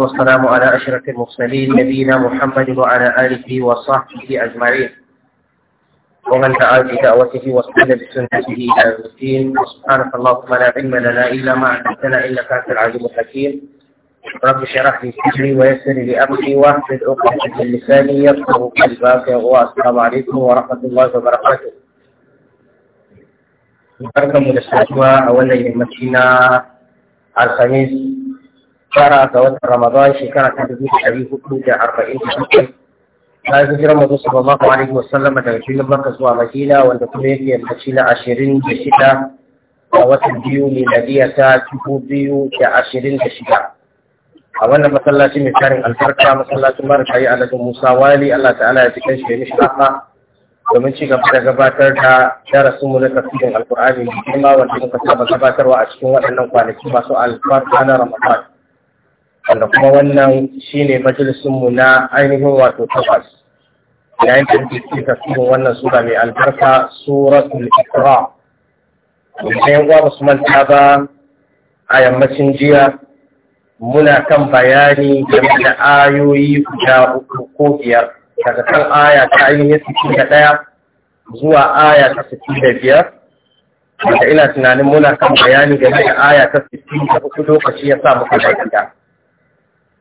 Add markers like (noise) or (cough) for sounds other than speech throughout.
والسلام على أشرف المرسلين نبينا محمد وعلى آله وصحبه أجمعين ومن دعا بدعوته واستنى بسنته إلى يوم الدين وسبحانك اللهم لا علم لنا إلا ما علمتنا إنك أنت العليم الحكيم رب اشرح لي صدري ويسر لي أمري واحفظ عقدة من لساني يفقه قلبي والسلام عليكم ورحمة الله وبركاته بركة من saduwa a wannan الخميس tara ga watan Ramadan shekara ta dubu ɗari hudu da arba'in da bakwai. Na yi hijirar mazu sallallahu alaihi wa sallama daga filin Makka zuwa Madina wanda kuma yake yammaci na ashirin da shida a watan biyu miladiya ta dubu biyu da ashirin da shida. A wannan masallaci mai tarin alfarka masallacin marigayi Alhaji Musa Wali Allah ta'ala ya ji kan shi mishi domin ci gaba da gabatar da mu na tafsirin alkur'ani da kuma wanda muka saba gabatarwa a cikin waɗannan kwanaki masu alfarka na Ramadan. wanda kuma wannan shine majalisunmu na ainihin wato takwas yayin da muke cikin tafsirin wannan sura mai albarka suratul ikra idan yan uwa su manta ba a yammacin jiya muna kan bayani game da ayoyi guda uku ko biyar daga kan aya ta ainihin sittin da ɗaya zuwa aya ta sittin da biyar wanda ina tunanin muna kan bayani game da aya ta sittin da uku lokaci ya sa muka da gida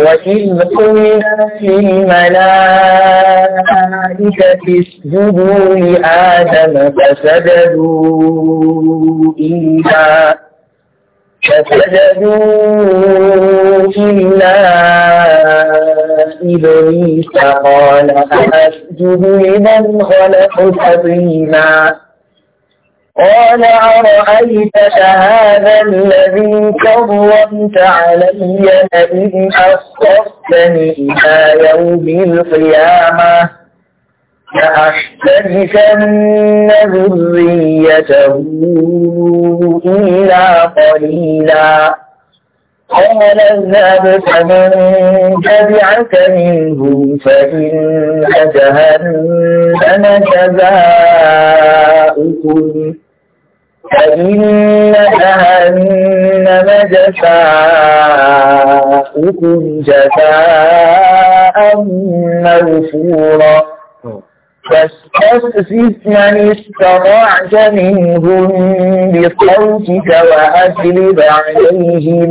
وإذ قلنا للملائكة اسجدوا لآدم فسجدوا إلا فسجدوا إلا إبليس قال أسجد لمن خلقت طينا قال أرأيت هذا الذي كرمت علي لئن أصفتني إلى يوم القيامة لأحتركن ذريته إلا قليلا قال اذهب فمن تبعك منه فإن جهنم جزاؤكم فإن جهنم جزاؤكم جزاء موفورا فاستفزز من استطعت منهم بصوتك وأجلب عليهم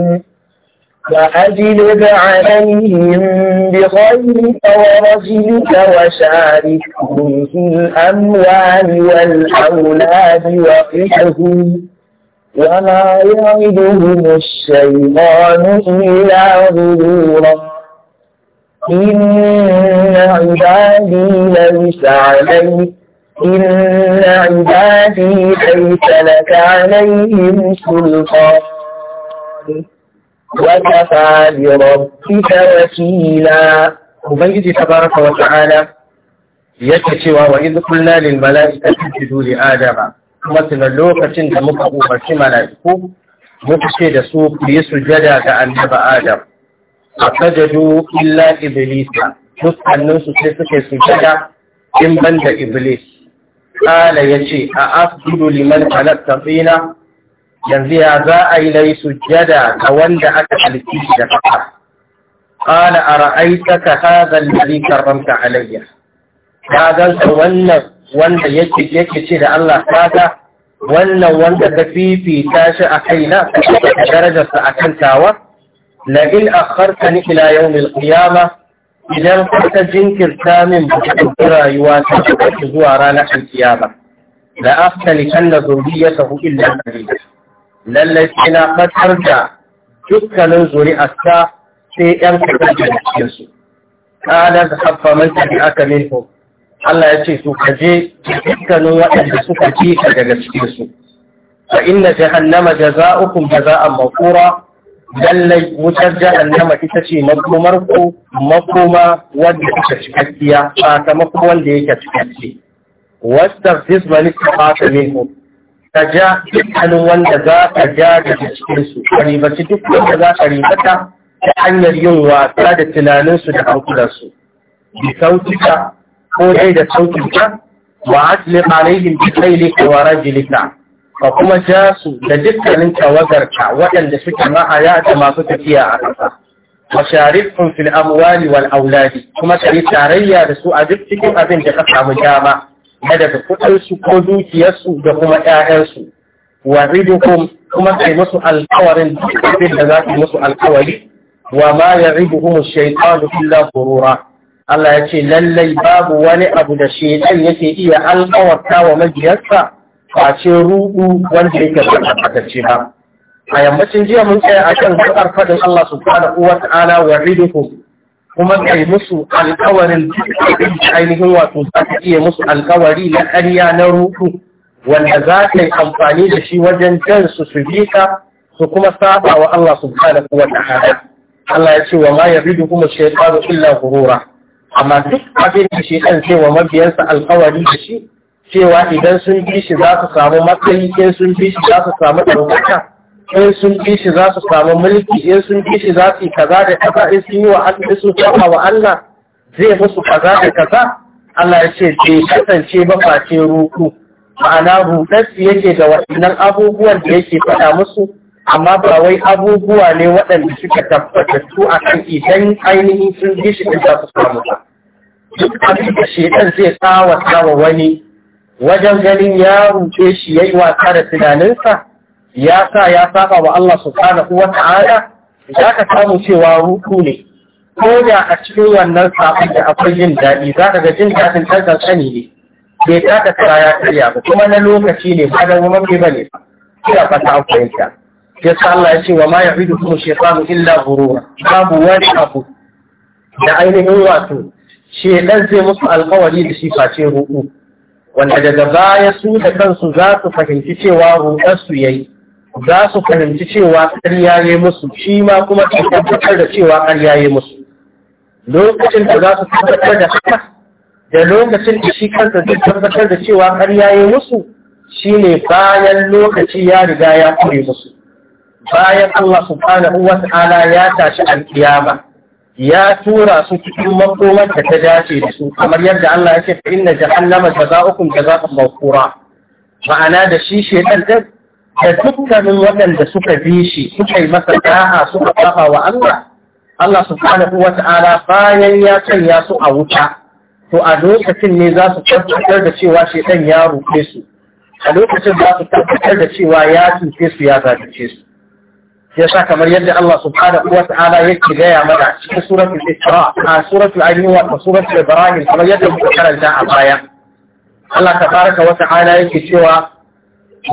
فأجلب عليهم بخيرك ورجلك وشاركهم في الأموال والأولاد وقحهم وما يعدهم الشيطان إلا غرورا إن عبادي ليس عليك إن عبادي ليس لك عليهم سلطان وكفى بربك وكيلا Ubangiji ta baraka wa ta'ala yake cewa wa idh qulna lil mala'ikati isjudu li adama kuma tuna lokacin da muka umarci mala'iku muka ce da su ku yi sujada ga annabi Adam A sajadu illa iblisa dukkanin su sai suke sujada in banda iblis qala yace a asjudu liman khalaqta tina yanzu ya za a yi lai sujjada ga wanda aka halitti da fata qala ara'aytaka hadha alladhi karramta alayya ka ganta wannan wanda yake yake ce da Allah fata, wannan wanda ka fifita shi a kaina ka darajarsa a kan tawa na in ni ila yau al-qiyamah idan ka jinkirta min da rayuwa ta zuwa ranar aftali kan na aftali kanna zurriyatahu illa qalila lallai sai na fatar da dukkanin zuri'arta sai ‘yan kaɗan da cikinsu. Ƙalar da haɓɓa man tafi aka minhu, Allah ya ce su kaje dukkanin waɗanda suka ji ka daga cikinsu. Fa inna jahannama jaza'ukum jaza'an makura lallai wutar jahannama ita ce makomar ku makoma wanda kuka cikakkiya sakamako wanda yake cikakke. Wasu tafsir mani ta fata minhu. ka ja dukkanin wanda za ka ja daga cikinsu ka ribaci duk wanda za ka ribata ta hanyar yin wasa da tunaninsu da hankulansu bi sautika ko dai da sautinka wa asli alaihim bi kailika wa rajulika ka kuma ja su da dukkanin tawagarka waɗanda suke ma'aya da masu tafiya a ƙasa wa sharifun fil amwali wal auladi kuma ka yi tarayya da su a duk cikin abin da ka samu dama na daga kuɗinsu ko dukiyarsu da kuma ‘ya'yansu, wa ridukum kuma kai musu alkawarin dukkan da za yi musu alkawari, wa ma ya kuma shaitanu illa kurura. Allah ya ce lallai babu wani abu da shaitan yake iya alkawarta wa majiyarsa face rubu wanda yake tabbatacce ba. A yammacin jiya mun tsaya akan gabar faɗin Allah subhanahu wa ta'ala wa ridukum kuma kai musu alkawarin ainihin wato za ka iya musu alkawari na ƙarya na ruhu wanda za ka yi amfani da shi wajen jan su su bi ka su kuma saba wa Allah subhanahu wa ta'ala Allah ya ce wa ma yabidu kuma shaytanu illa ghurura amma duk abin da shi kan cewa mabiyansa alkawari da shi cewa idan sun bi shi za su samu matsayi sun bi shi za su samu ɗaukaka in sun bi shi za su samu mulki in sun bi shi za su yi kaza da kaza in sun yi wa Allah sun saba wa Allah zai musu kaza da kaza Allah ya ce bai kasance ba face ruku ma'ana rudarsu yake da waɗannan abubuwan da yake faɗa musu amma ba wai abubuwa ne waɗanda suka tabbata su a kan idan ainihin sun bi shi za su samu ba duk abin da shedan zai tsawata wa wani wajen ganin ya rufe shi ya yi wasa da tunaninsa ya sa ya saba wa Allah subhanahu wa ta'ala za ka samu cewa ruku ne ko da a cikin wannan sabon da akwai jin daɗi za ka ga jin daɗin tantan sani ne bai taka kara ya karya ba kuma na lokaci ne ba da woman bai bane kira fata an fahimta ya sa Allah ya ce wa ma ya'idu kuma shaytanu illa ghurura babu wani abu da ainihin wato shedan zai musu alkawari da shi face ruku wanda daga baya su da kansu za su fahimci cewa ruɗar su yayi za su fahimci cewa ƙarya ya musu shi ma kuma su tabbatar da cewa ƙarya ya musu lokacin da za su tabbatar da haka da lokacin da shi kanta zai tabbatar da cewa karya ya musu shi ne bayan lokaci ya riga ya kure musu bayan Allah subhanahu wa ta'ala ya tashi alƙiyama ya tura su cikin makomar da ta dace da su kamar yadda Allah ya ce inna jahannama jaza'ukum jaza'un mawqura ma'ana da shi shedan din da dukkanin waɗanda suka bi shi suka yi masa da'a suka kafa wa Allah Allah subhanahu kuwa ta'ala bayan ya sanya su a wuta to a lokacin ne za su tabbatar da cewa shi ɗan ya rufe su a lokacin za su tabbatar da cewa ya cuce su ya zalunce su Ya sa kamar yadda Allah su subhanahu kuwa ta'ala yake gaya mana cikin suratul Isra a suratul Ainihi da suratul Ibrahim kamar yadda muka karanta a baya Allah tabaraka wata ala yake cewa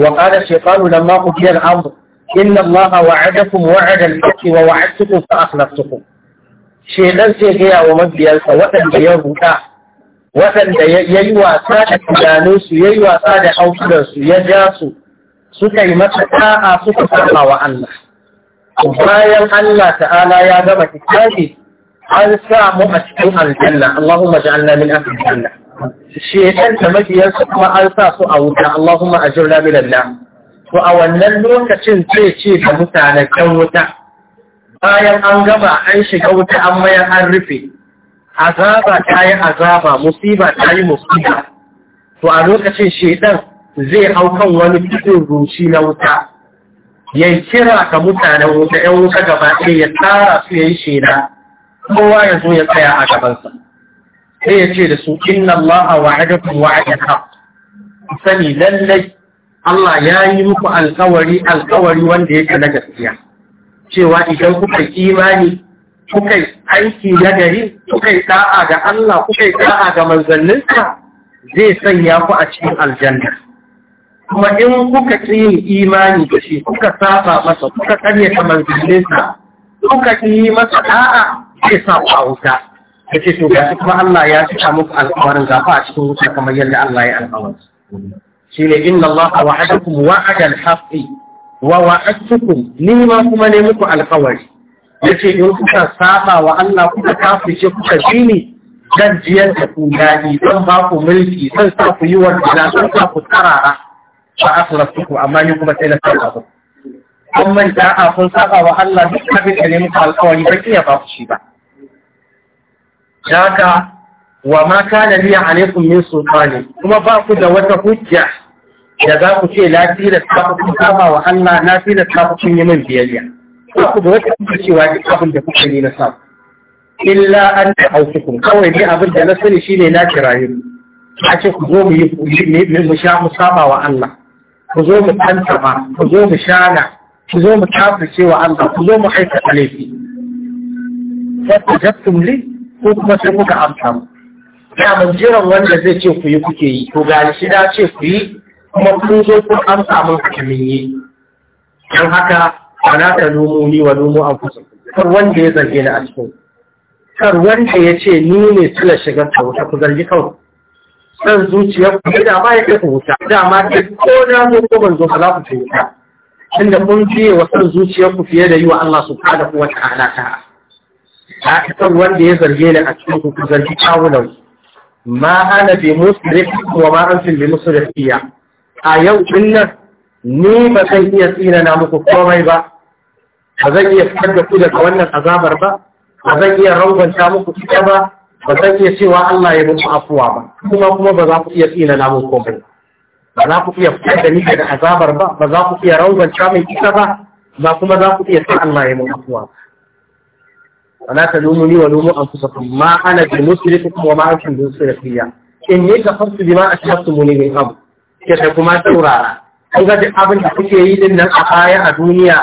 وقال الشيطان لما قضي الأمر إن الله وعدكم وعد الحق ووعدتكم فأخلفتكم shedan sai gaya wa mabiyarsa waɗanda ya ruɗa waɗanda ya yi wasa da tunaninsu ya yi wasa da hausunansu ya ja su suka yi masa ɗa'a suka sama wa Allah bayan Allah ta'ala ya gama kitabi an samu a cikin aljanna Allahumma ja'alna min ahli shekan da mabiyarsa kuma an sa su a wuta Allahumma a minan nar to a wannan lokacin zai ce da mutane kan wuta bayan an gama an shiga wuta an mayar an rufe azaba ta yi azaba musiba ta yi musiba to a lokacin shekar zai hau kan wani cikin rushi na wuta ya kira ga mutane wuta ‘yan wuta gaba ɗaya ya tsara su ya yi shida, kowa ya zo ya tsaya a gabansa. sai ya ce da su inna Allah wa'adakum wa'ada haq sani lallai Allah ya yi muku alkawari alkawari wanda yake na gaskiya cewa idan kuka imani kuka aiki na gari kuka da'a ga Allah kuka ɗa'a ga manzanninsa zai sanya ku a cikin aljanna kuma in kuka yin imani da shi kuka saba masa kuka karyata manzanninsa kuka yi masa ɗa'a zai sa ku a wuta ya ce to gashi kuma Allah ya cika muku alƙawarin gafa a cikin wuta kamar yadda Allah ya alƙawari shi ne inna Allah wa'adakum wa'adal haqqi wa wa'adtukum ni ma kuma ne muku alƙawari yace in kuka saba wa Allah kuka kafirce kuka jini zan jiyar da ku daɗi zan ba ku mulki dan sa ku yi wanda na zan sa ku tsarara ba aslaftuku amma ni kuma sai na saba ku kun manta a kun saba wa Allah duk abin da ne muku alƙawari ba iya ba ku shi ba haka wa ma kana liya alaikum min sultani kuma ba ku da wata hujja da za ku ce lafiya da ku kama wa Allah lafi da ku kun min biyayya ba ku da wata hujja cewa duk abin da kuke yi na sa illa an ta aukukum kawai ne abin da na sani shine na kirayi a ce ku zo mu yi mu sha mu saba wa Allah ku zo mu kanta ba ku zo mu shana ku zo mu tafi wa Allah ku zo mu haifa aikata fa Fattajabtum li ko kuma sai kuka amsa mu daman jiran wanda zai ce ku yi kuke yi to ga shi da ce ku yi kuma kun zo kun amsa mun haka min yi don haka ana ta nomo ni wa nomo an fusa kar wanda ya zarge ni a cikin kar wanda ya ce ni ne sila shigar ta wuta ku zargi kawai san zuciyar ku da ma ya kai ku wuta da ma ke ko na zo ko ban zo ba za ku ce wuta tunda kun fiye wa san zuciyar ku fiye da yi wa Allah subhanahu wa ta'ala ta'a A kan wanda ya zarge ni a cikin ku ku zargi kawunan ma ana bi musrifikum wa ma antum bi musrifiya a yau din nan ni ba zan iya tsina na muku komai ba ba zan iya fitar da ku daga wannan azabar ba ba zan iya rangwanta muku ita ba ba zan iya cewa Allah ya muku afuwa ba kuma kuma ba za ku iya tsina na muku komai ba za ku iya fitar da ni daga azabar ba ba za ku iya rangwanta mai ita ba ba kuma za ku iya sa Allah ya muku afuwa ba ولا تلوموني ولوموا انفسكم ما انا بمسرفكم وما أنتم بمسرفية إني كفرت بما أشرفتموني من قبل كتبكما تورارا an gaji abin da kuke yi din nan a baya a duniya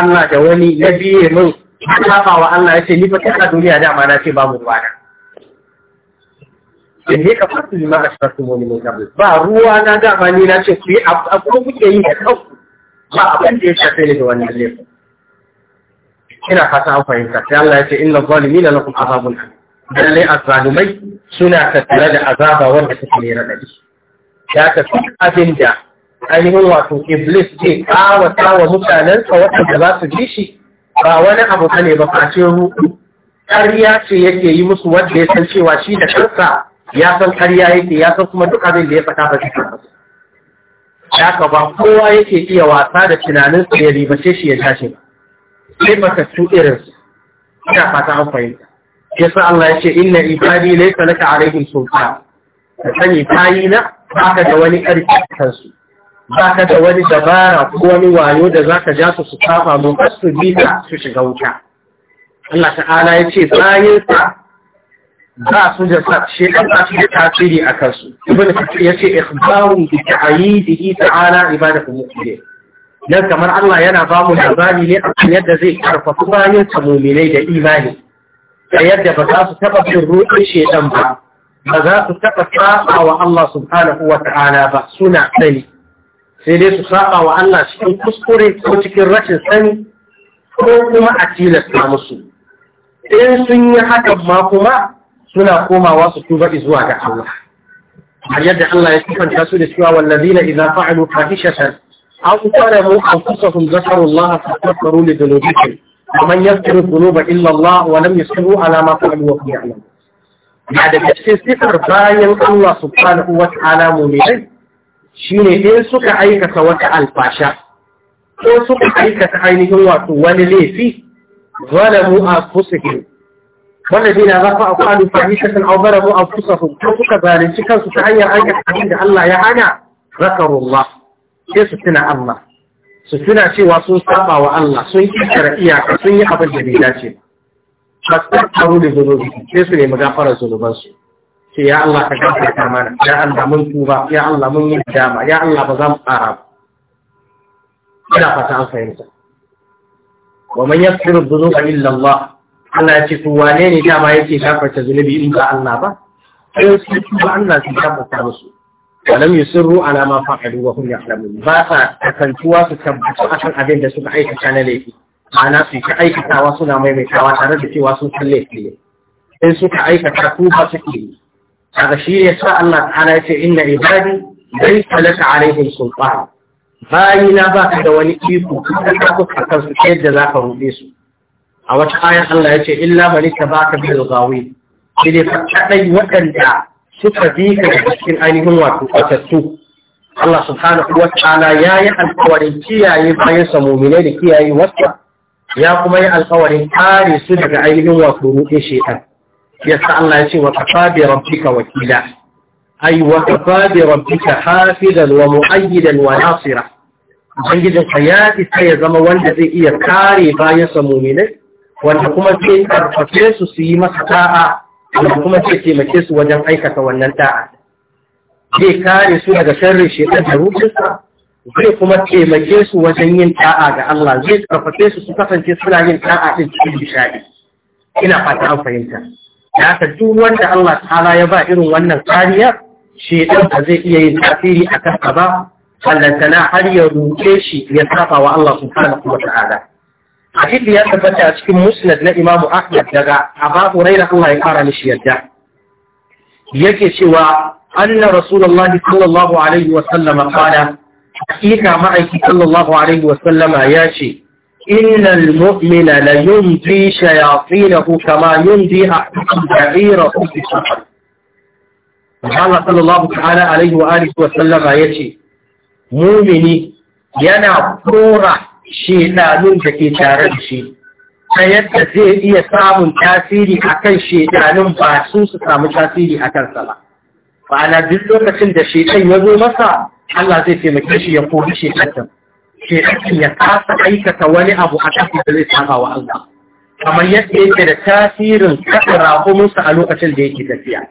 Allah da wani ya biye min saba wa Allah ya ce ni fa a duniya da ma na ce babu ruwa in ka fasu ma a shafi mu ne kabul ba ruwa na da ni na ku yi abu kuke yi da ba abin da ya shafe ni da wannan ina fata an fahimta sai Allah ya ce inna zalimina lakum azabun dalai azzalumai suna tattare da azaba wanda suke ne shi ya ka abin da ainihin wato iblis zai kawata wa mutanensa da za su ji shi ba wani abu ne ba face ruɗu ƙarya ce yake yi musu wanda ya san cewa shi da kansa ya san ƙarya yake ya san kuma duk abin da ya fata ba shi kansa ya ka ba kowa yake iya wasa da tunaninsa ya ribace shi ya tashi ba sai su irinsu ina fata an fahimta sa Allah ya ce inna ibadi laysa laka alaihim sauka. ka sani na, ba ka da wani ƙarfi kansu ka da wani dabara ko wani wayo da za ka ja su su kafa mu kasu bita su shiga wuta Allah ta'ala ya ce bayin sa ba su da sa shekan ba su da tasiri a kansu ibn ya ce ikhbarun bi ta'ayidihi ta'ala ibadatu mu'minin nan kamar Allah yana ba mu labari ne a yadda zai karfafa bayan muminai da imani A yadda ba za su taɓa bin ruɗin shaidan ba ba za su taɓa saɓa wa Allah subhanahu wa ta'ala ba suna sani sai dai su saɓa wa Allah cikin kuskure ko cikin rashin sani ko kuma a tilasta musu in sun yi hakan ma kuma suna komawa su tuba zuwa ga Allah har yadda Allah ya kifanta su da cewa wallazina idza fa'alu fahishatan an kware ruhan kusurum zakarullah ta kafaru li dalilikin kamar yadda ruhu ba illallah wa lam yasiru ala ma fa'alu wa ya'lam ya da kace sifar bayan Allah subhanahu wa ta'ala mu ne shine suka aikata wata alfasha ko suka aikata ainihin wato wani laifi zalamu anfusihim والذين غفوا أقالوا فعيشة أو ظلموا kansu ta hanyar كان سبحانه أن يحكم عند الله يعانى ذكروا الله sai su tuna Allah su tuna cewa sun saba wa Allah sun kikkara iyaka sun yi abin da bai dace ba su taru da zunubi sai su nemi gafarar zunubansu sai ya Allah ka gafarta mana ya Allah mun tuba ya Allah mun yi dama ya Allah ba za mu ƙara ba ina fata an fahimta wa man yaghfiru dhunuba illa Allah Allah ya ce to wane ne dama yake gafarta zunubi in ba Allah ba sai su tuba Allah su gafarta musu ولم يصروا على ما فعلوا وهم يعلمون باسا تكنتوا تثبتوا akan abin da suka aikata na laifi ana su ta aikatawa suna maimaitawa tare da cewa sun san laifi ne sai suka aikata ko ba suke yi kaga shi ya sa Allah ta'ala ya ce inna ibadi laysa laka alaihim sultan bayi na ba ka da wani iko kuma ka ku su yadda zaka rude su a wata ayar Allah ya ce illa man baka bil ghawi shi ne kadai waɗanda suka bi ka daga cikin ainihin wato kwatattu Allah subhanahu wa ta'ala ya yi alkawarin kiyaye bayan sa mumine da kiyaye wasa ya kuma yi alkawarin kare su daga ainihin wato ruɗe shaitan yasa Allah ya ce wa kafa bi rabbika wakila ai wa kafa bi rabbika hafizan wa mu'ayyidan wa nasira ubangijin ka ya isa ya zama wanda zai iya kare bayan sa mumine wanda kuma sai karfafe su su yi masa ta'a amma kuma sai taimake su wajen aikata wannan ta'a. zai kare su daga sharrin shekar da rufinsa zai kuma taimake su wajen yin ta'a ga Allah zai karfafe su su kasance suna yin ta'a ɗin cikin nishadi ina fata an fahimta da haka duk wanda Allah ta'ala ya ba irin wannan kariya shekar ba zai iya yin tasiri a kansa ba ballantana har ya ruɗe shi ya tafa wa Allah subhanahu wa ta'ala hadisi ya fata a cikin musnad na imamu ahmad daga abu hurairah Allah ya yadda yake cewa anna rasulullahi sallallahu alaihi wa sallam qala hakika ma'aiki sallallahu alaihi wa sallama ya ce innal mu'mina la yumdi shayatinahu kama yumdi ahdukum da'irahu fi safar Allah sallallahu ta'ala alaihi wa alihi wa mumini yana kora shedanun da ke tare da shi ta yadda zai iya samun tasiri a kan ba su su samu tasiri a kansa ba na duk lokacin da shedan ya zo masa Allah zai taimake shi ya kori shedan shedan ya kasa aikata wani abu a kan da zai wa Allah kamar yadda yake da tasirin kaɗa raƙuminsa a lokacin da yake tafiya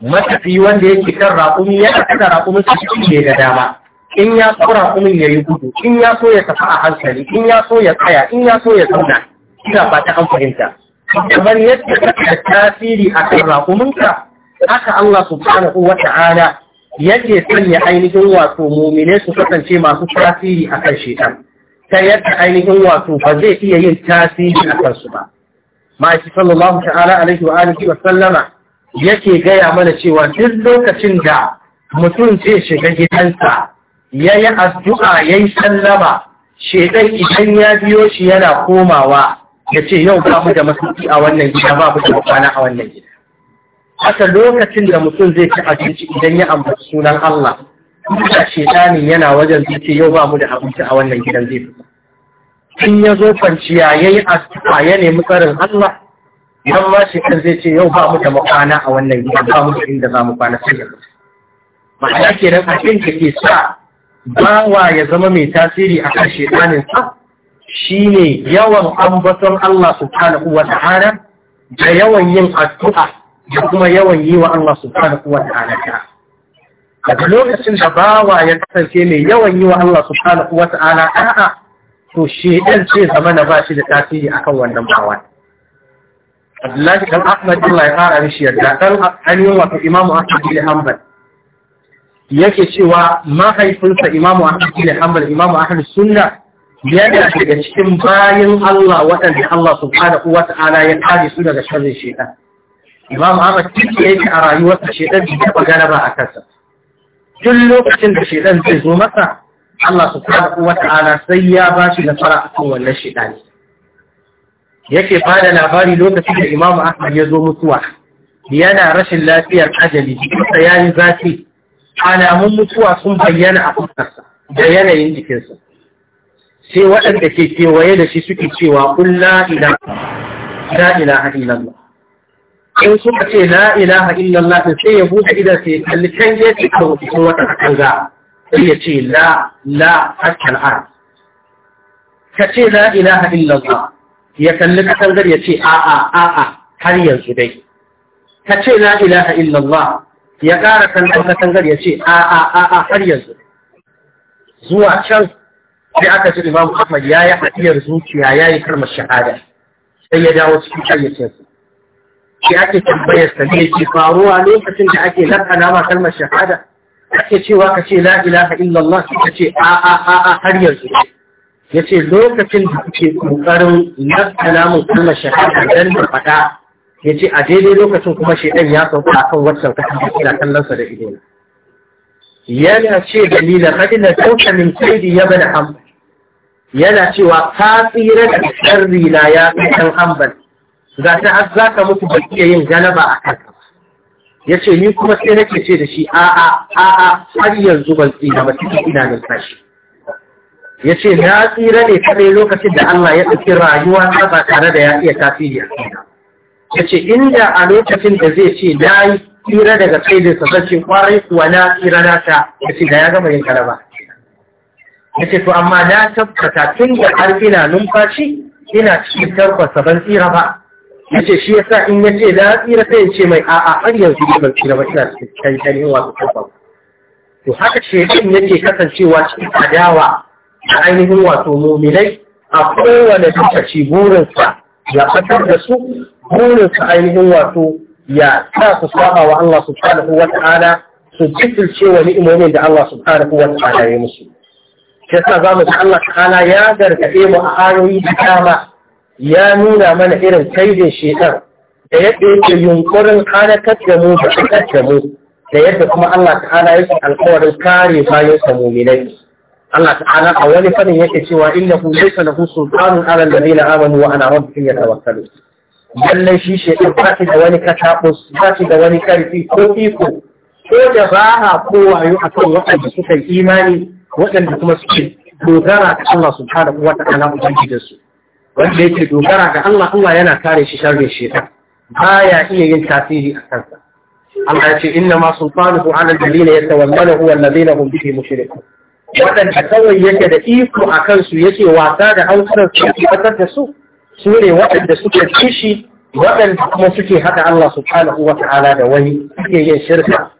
matafi wanda yake kan raƙumi ya kada raƙuminsa shi ne da dama in ya so raƙumin ya yi gudu in ya so ya tafi a hankali in ya so ya tsaya in ya so ya zauna ina ba ta an fahimta kamar yadda kake da tasiri a kan raƙuminka haka Allah subhanahu wa ta'ala yake sanya ainihin wato mumine su kasance masu tasiri a kan shekan ta yadda ainihin wato ba zai iya yin tasiri a kansu ba ma'aiki sallallahu ta'ala alaihi wa alihi wa sallama yake gaya mana cewa duk lokacin da mutum zai shiga gidansa ya yi addu'a ya yi sallama shekai idan ya biyo shi yana komawa ya ce yau ba mu da masauki a wannan gida ba mu da kwana a wannan gida haka lokacin da mutum zai ci abinci idan ya ambaci sunan Allah da shedani yana wajen zai ce yau ba mu da abinci a wannan gidan zai fi. in ya zo kwanciya ya yi addu'a ya nemi tsarin Allah idan ma shekar zai ce yau ba mu da makwana a wannan gida ba mu da inda za mu kwana sai ya ma'ana kenan abin da ke sa bawa ya zama mai tasiri a kan shedaninsa shi ne yawan ambaton Allah subhanahu wa ta'ala da yawan yin addu'a da kuma yawan yi wa Allah subhanahu wa ta'ala ta. Daga lokacin da bawa ya kasance mai yawan yi wa Allah subhanahu wa ta'ala ta'a to shedan ce zama na ba shi da tasiri akan wannan bawa. Abdullahi dan Ahmad Allah ya fara mishi yadda dan an yi Imam Ahmad bin Hanbal yake cewa mahaifinsa imamu ahmad bin hanbal imamu ahmad sunna yana daga cikin bayan Allah waɗanda Allah subhanahu wa ta'ala ya kare su daga sharrin shaitan imamu ahmad kike yake a rayuwarsa shaitan bai taɓa galaba a kansa duk lokacin da shaitan zai zo masa Allah subhanahu wa ta'ala sai ya ba shi nasara akan wannan shaitan yake bada labari lokacin da imamu ahmad ya zo mutuwa yana rashin lafiyar ajali sai ya yi zafi alamun mutuwa sun bayyana a fuskarsa da yanayin jikinsa sai waɗanda ke kewaye da shi suke cewa kun la'ila la'ilaha illallah in suka ce la'ilaha illallah ɗin sai ya buɗe idan sai ya kalli can gefe a rubutun wata kanga sai ya ce la la hakkan ar ka ce la'ilaha illallah ya kalli katangar ya ce a'a a'a har yanzu dai ka ce la'ilaha illallah ya ƙara sandan katangar ya ce a a a a har yanzu zuwa can sai aka ce imamu ahmad ya yi hadiyar zuciya ya yi karmar shahada sai ya dawo cikin hayyacinsa shi ake tambayar sa ne ke faruwa lokacin da ake lakana ma kalmar shahada ake cewa ka ce la ilaha illallah sai ka ce a a a a har yanzu ya ce lokacin da kuke ƙoƙarin lakana mun kalmar shahada dan da faɗa ya ce a daidai lokacin kuma shaidan ya sauka a kan waccan kasan da kira kallonsa da ido yana ce dalilin hadina sauka min kaidi ya bada hamba yana cewa ka tsira da sharri rina ya kai dan hambal ga ta har za ka mutu ba iya yin galaba a kanka ya ce ni kuma sai nake ce da shi a'a a'a har yanzu ban tsira ba cikin idanun tashi ya ce na tsira ne kadai lokacin da Allah ya ɗauki rayuwa ta ba tare da ya iya tasiri a kaina ya ce inda a lokacin da zai ce na yi tsira daga kai da sassace kwarai kuwa na tsira na ta ya ce da ya gama yin kalaba ya ce to amma na tabbata tun da har ina numfashi ina cikin tabbata ban tsira ba ya ce shi yasa in ya ce na tsira sai ya ce mai a'a har yanzu ban tsira ba ina cikin kankanin wasu tabbata to haka shekin yake kasancewa cikin adawa a ainihin wato muminai a kowane lokaci burinsa ya fatar da su burin su ainihin wato ya sa su saba wa Allah subhanahu wa ta'ala su jikirce wa ni'imomin da Allah subhanahu wa ta'ala ya musu shi yasa zamu ji Allah ta'ala ya gargaɗe mu a ayoyi da dama ya nuna mana irin kaidin shekar da yadda yake yunkurin halakar da mu da da mu da yadda kuma Allah ta'ala yake alkawarin kare bayan sa mu'minai Allah ta'ala a wani fannin yake cewa innahu laysa lahu sultanun ala alladhina amanu wa ala rabbihim yatawakkalun lallai shi shaitan ba shi da wani katabus ba shi da wani karfi ko iko ko da ba ko wayo akan waɗanda suka yi imani waɗanda kuma suke dogara ga Allah subhanahu wa ta'ala ubangijin su wanda yake dogara ga Allah Allah yana kare shi sharrin shaitan baya iya yin tasiri a kansa Allah ya ce inna ma sultanuhu ala alladhina yatawallawnahu wal ladina hum bihi mushrikun waɗanda kawai yake da iko a kansu yake wasa da hausar su fitar da su su ne waɗanda suke kishi waɗanda kuma suke haɗa Allah subhanahu wa ta'ala da wani suke yin shirka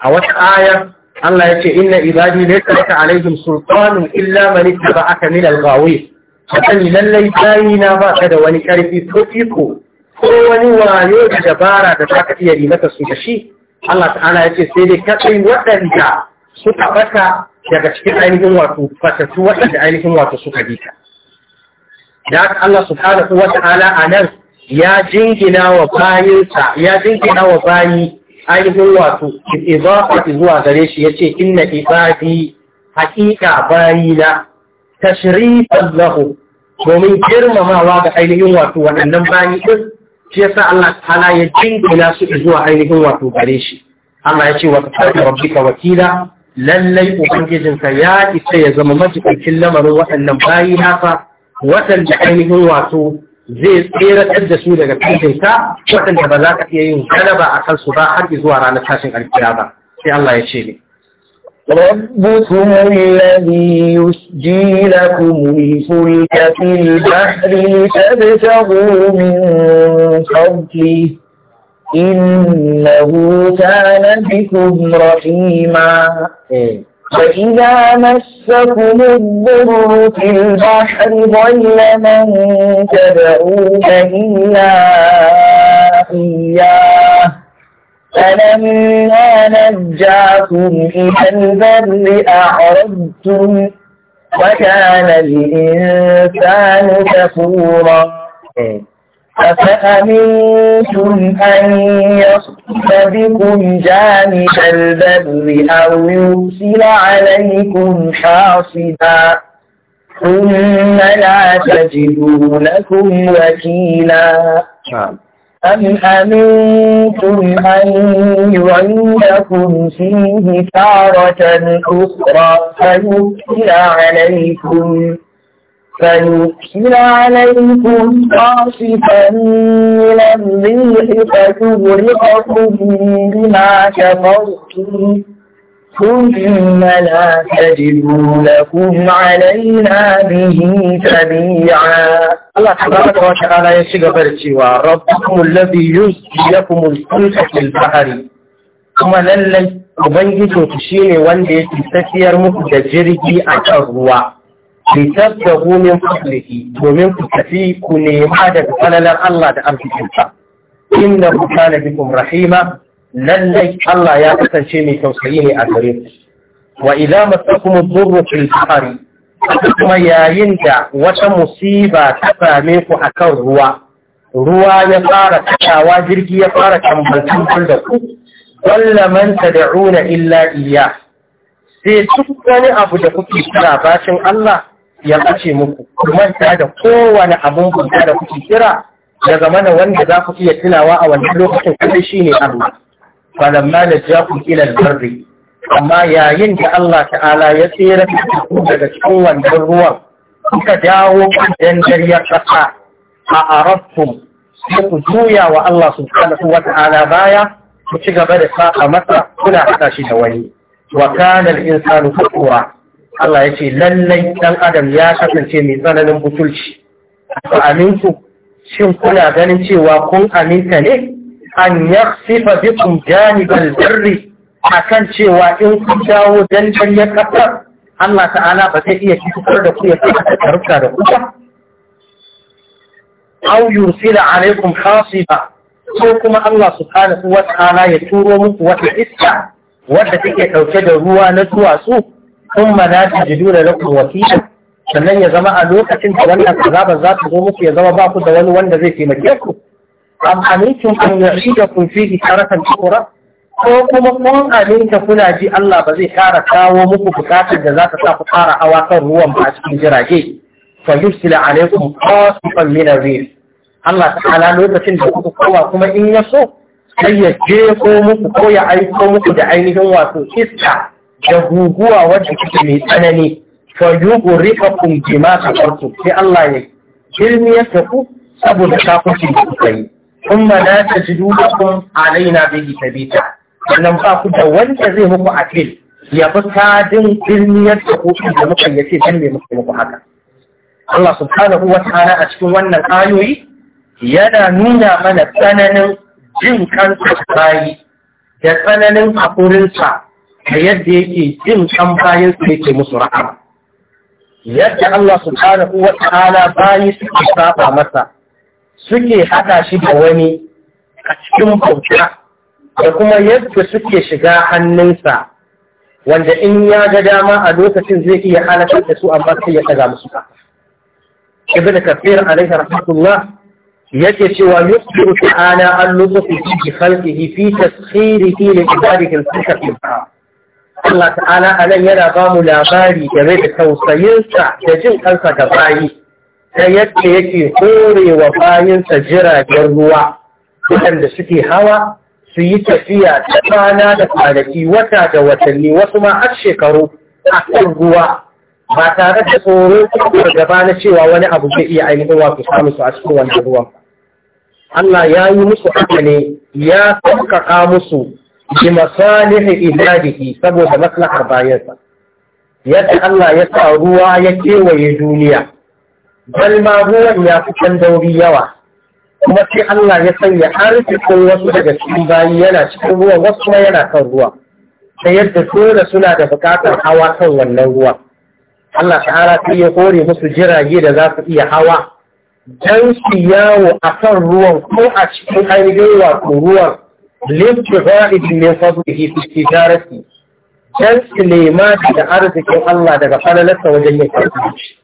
a wata aya Allah yace inna ibadi laysa laka alaihim sultanun illa man ittaba'aka min al-ghawin hakan lallai tayi na ba ka da wani karfi ko iko ko wani wayo da dabara da za ka iya yi maka su da shi Allah ta'ala ya ce sai dai kaɗai waɗanda suka bata daga cikin ainihin wato fatattu waɗanda ainihin wato suka bi ka da haka Allah su fara wa ta'ala a nan ya jingina wa bayinsa ya jingina wa bayi ainihin wato zuwa gare shi Ya yace inna ibadi haƙiƙa bayina tashrifan lahu domin girmamawa ga ainihin wato waɗannan bayi ɗin. shi yasa Allah ta'ala ya jingina su zuwa ainihin wato gare shi Allah ya ce wa tafarka rabbika wakila lallai ubangijinka ya isa ya zama matuƙancin lamarin waɗannan bayi naka waɗanda ainihin wato zai tseratar da su daga kajinka waɗanda ba za ka iya yin galaba a kansu ba har zuwa ranar tashin alkiya ba sai Allah ya ce ne ربكم الذي يسجي لكم الفلك في البحر لتبتغوا من فضله إنه كان بكم رحيما فإذا إيه. مسكم الضر في البحر ضل من تدعون إلا إياه فلما نجاكم إلى البر أعرضتم وكان الإنسان كفورا إيه. أفأمنتم أن يصف بكم جانب البر أو يرسل عليكم حاصبا ثم لا تجدوا لكم وكيلا نعم. أم أمنتم أن يعيدكم فيه تارة أخرى فيرسل عليكم فيرسل عليكم قاصفا من الريح فتغرقكم بما كفرتم ثم لا تجدوا لكم علينا به تبيعا الله تبارك وتعالى يشيغ فرشي وربكم الذي يزكي لكم الفلك في البحر kuma lallai ubangiji ku shine wanda yake tafiyar muku da jirgi a kan ruwa litabtahu min fadlihi domin ku tafi ku nema daga falalar Allah da arzikinsa innahu kana Umrahima, lallai Allah ya kasance mai tausayi ne a gare ku wa idza masakum ad-durru fil bahri kuma yayin da wata musiba ta same ku akan ruwa ruwa ya fara tashawa jirgi ya fara tambalcin da ku walla da tad'una illa iya. sai duk wani abu da kuke kira bashin Allah ya ɓace muku ku manta da kowane abun bauta da kuke kira daga mana wanda za ku iya tunawa a wani lokacin kadai shine Allah falamma najakum ila al amma yayin da Allah ta'ala ya tsere ku daga cikin wannan ruwan kuka dawo kan dariyar ƙasa a arabtum sai ku juya wa Allah subhanahu wa ta'ala baya ku ci gaba da saka masa kuna haɗa shi da wani wa kana al-insanu kafura Allah ya ce lallai ɗan adam ya kasance mai tsananin butulci Ba aminku shin kuna ganin cewa kun aminta ne an yaksifa bikum janibal A akan cewa in kun dawo dandan ya kasar Allah ta'ala ba zai iya cutar da ku ya kasa tarka da ku ba yursila alaikum hasiba ko kuma Allah subhanahu wa ta'ala ya turo muku wata iska wadda take dauke da ruwa na duwatsu ثم لا تجدون لكم وكيلا sannan ya zama a lokacin da wannan azabar za ta zo muku ya zama ba ku da wani wanda zai taimake ku am amintum an yu'ida kun fihi taratan ukhra ko kuma kun aminta kuna ji Allah ba zai kara kawo muku bukatar da za ta sa ku fara hawa kan ruwan ba a cikin jirage fa yusila alaikum qasifan min ar Allah ta'ala lokacin da kuka kowa kuma in ya so sai ya je ko muku ko ya aiko muku da ainihin wato iska da guguwa wadda kike mai tsanani fa juqu rifakum ka kafartum sai Allah ya kirmi ya tafu saboda kafirci da kuka yi kuma a tajidu bai alaina bihi tabita sannan ba ku da wanda zai muku akil ya fi kadin kirmiyar da ku da muka yace dan mai muku muku haka Allah subhanahu wa ta'ala a cikin wannan ayoyi yana nuna mana tsananin jin kansa bayi da tsananin haƙurinsa da yadda yake jin kan bayan su yake musu ra'a yadda Allah subhanahu wa ta'ala bayi suke saba masa suke haɗa shi da wani a cikin bauta da kuma yadda suke shiga hannunsa wanda in ya ga dama a lokacin zai iya halakar da su amma sai ya ɗaga musu ka. Ibn Kafir alaihi rahmatullah yake cewa yusbiru ta'ala an lutsufi fi khalqihi fi taskhirihi li ibadihi al-fikr Allah ta'ala a nan yana ba mu labari game da tausayinsa da jin kansa da bayi ta yadda yake horewa wa bayinsa jiragen ruwa waɗanda suke hawa su yi tafiya ta kwana da kwanaki wata da watanni wasu ma har shekaru a kan ruwa ba tare da tsoro ko gaba na cewa wani abu zai iya ainihin wato samu su a cikin wannan ruwan Allah ya yi musu haka ne ya sauƙaƙa musu bi masalihi ibadihi saboda maslahar bayansa yadda Allah ya sa ruwa ya kewaye duniya bal ma ruwan ya fi can dauri yawa kuma sai Allah ya sanya arzikin wasu daga cikin bayi yana cikin ruwan wasu kuma yana kan ruwa ta yadda dole suna da bukatar hawa kan wannan ruwa Allah ta'ala sai ya kore musu jirage da za su iya hawa Dan su yawo a kan ruwan ko a cikin ainihin wato ruwan لابتغاء من فضله في التجارة can silema da arzikin Allah daga falalarsa wajen yin kwanci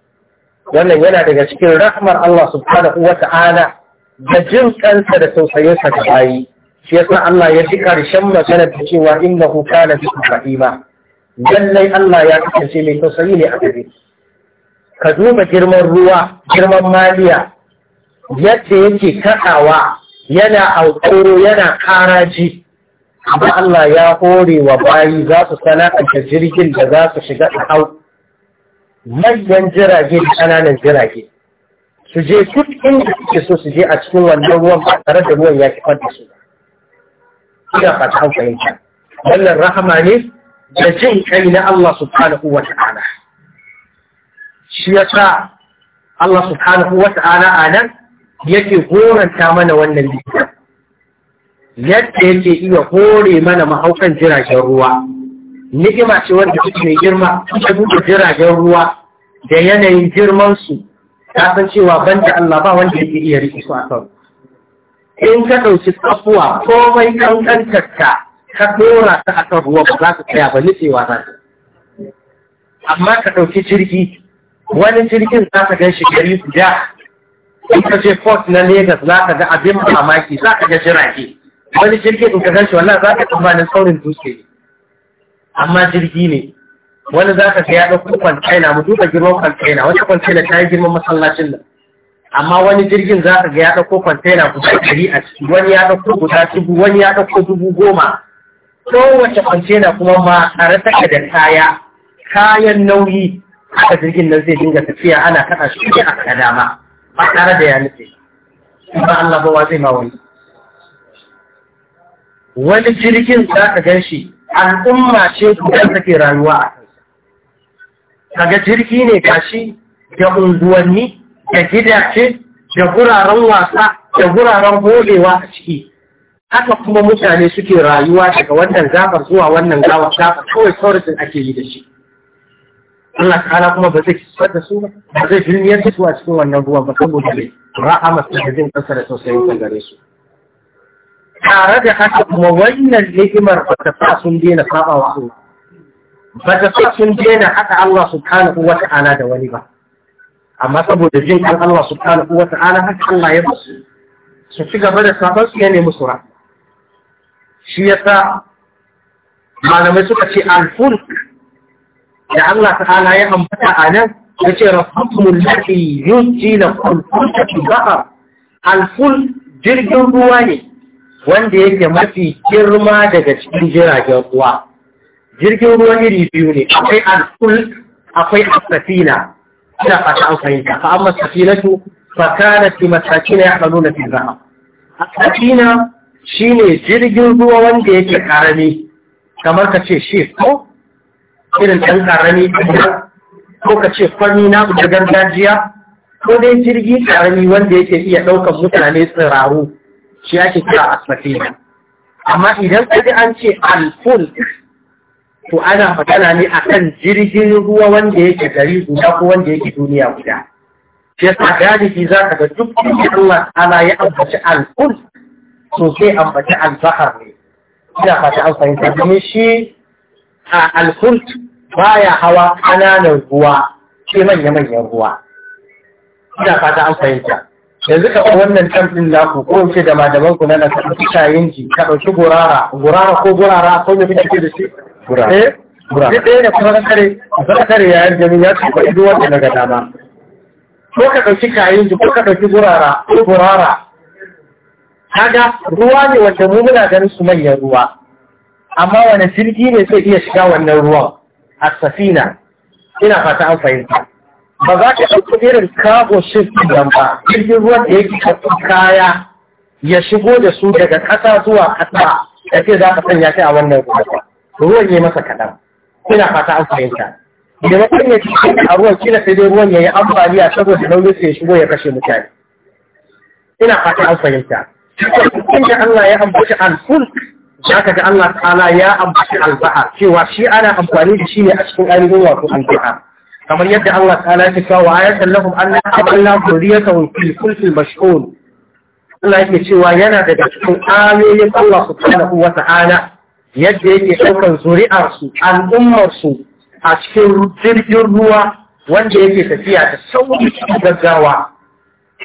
wannan yana daga cikin rahmar Allah subhanahu wa ta'ala da jin kansa da tausayinsa ga bayi shi yasa Allah ya ji karshen magana da cewa innahu kana da rahima lallai Allah ya kasance mai tausayi ne a gare ka duba girman ruwa girman maliya yadda yake kaɗawa yana alƙoro yana ƙaraji amma Allah ya hore wa bayi za su sana'anta jirgin da za su shiga a hau manyan jirage da ƙananan jirage su je duk inda suke so su je a cikin wannan ruwan ba tare da ruwan ya kifar da su ina fata an fahimta wannan rahama ne da jin kai na Allah subhanahu wa ta'ala shi yasa Allah subhanahu wa ta'ala a nan yake horanta mana wannan littafin yadda yake iya hore mana mahaukan jiragen ruwa ni'ima ce wanda take mai girma ta buga jiragen ruwa da yanayin girmansu ta san cewa banda Allah ba wanda yake iya riƙe su a kan in ka ɗauki tsafuwa komai kankantar ta ka ɗora ta a kan ruwa ba za ka tsaya ba nitsewa za ka amma ka ɗauki jirgi wani jirgin za ka gan shi gari guda in ka je port na Legas za ka ga abin mamaki za ka ga jirage wani jirgin in ka san shi wannan za ka tsammanin saurin dutse amma jirgi ne wani za ka ga ya ɗauko kwantaina mu duba girman kwantaina wata kwantaina ta yi girman masallacin nan amma wani jirgin za ka ga ya ɗauko kwantaina guda ɗari a ciki wani ya ɗauko guda dubu wani ya ɗauko dubu goma kowace kwantaina kuma ma tare take da kaya kayan nauyi haka jirgin nan zai dinga tafiya ana kaɗa shi a dama. ba tare da ya nufi ba Allah ba wa zai ma wani wani jirgin za ka gan shi al'umma ce gudan take rayuwa a kai kaga jirgi ne gashi da unguwanni da gidace da guraren wasa da guraren golewa a ciki haka kuma mutane suke rayuwa daga wannan gabar zuwa wannan gawar kawai tourism ake yi da shi Allah ta'ala kuma ba zai kisar da su ba zai fi da su a cikin wannan ruwan ba saboda ra'a masu da jin ƙasa da tausayin ta gare su tare da haka kuma wannan ni'imar ba ta sa sun daina saba wa su. ba ta sa sun daina haka Allah subhanahu wa ta'ala da wani ba amma saboda jin kan Allah subhanahu wa ta'ala haka Allah ya ba su ci gaba da saban su ya nemi sura shi ya sa malamai suka ce alfulk da Allah ta'ala ya ambata a nan ya ce rafakumul lati yujji lakum furshati bahar alful jirgin ruwa ne wanda yake mafi girma daga cikin jiragen ruwa jirgin ruwa iri biyu ne akwai alful akwai asafina ina fata an fahimta fa amma safinatu fa kanat bi masakina yaqaluna fi zahab asafina shine jirgin ruwa wanda yake karami kamar ka ce shi ko irin ɗan ƙarami ko ka ce kwami na da gargajiya ko dai jirgi ƙarami wanda yake iya ɗaukar mutane tsiraru shi ake kira safina amma idan kaji an ce alful to ana magana ne akan jirgin ruwa wanda yake gari guda ko wanda yake duniya guda shi yasa galibi za ka ga duk inda Allah ta'ala ya ambaci alful to sai ambaci albahar ne ina fata an fahimta domin shi a alhult baya hawa ƙananan ruwa sai manya-manyan ruwa ina fata an fahimta yanzu ka wannan tamfin naku ko in ce da malaman ku na na ɗauki shayin ji ka ɗauki gurara gurara ko gurara ko me kake da shi gurara eh ɗaya da kuma kare zaka kare yayin jami'a ya tuba ido wanda ga dama ko ka ɗauki shayin ji ko ka ɗauki gurara ko gurara kaga ruwa ne wanda mu muna ganin su manyan ruwa amma wani jirgi ne zai iya shiga wannan ruwan a safina ina fata an fahimta ba za ka ɗauko irin kago shirki nan ba jirgin ruwan da yake ɗauko kaya ya shigo da su daga ƙasa zuwa ƙasa da ke za ka sanya shi a wannan ruwan ruwan ya masa kaɗan ina fata an fahimta da mutum ya shi a ruwan kila sai dai ruwan ya yi ambaliya saboda nauyin sai ya shigo ya kashe mutane ina fata an fahimta cikin da Allah ya ambaci al-fulk Zaka ga Allah ta'ala ya ambaci alba'a cewa shi ana amfani da shi ne a cikin ainihin wato alba'a. Kamar yadda Allah ta'ala ya cewa wa ayatan lahum anna amalla zuriyatahum fil fulki mash'un. Allah yake cewa yana daga cikin ayoyin Allah subhanahu wa ta'ala yadda yake ɗaukar su, al'ummarsu a cikin jirgin ruwa wanda yake tafiya da sauri cikin gaggawa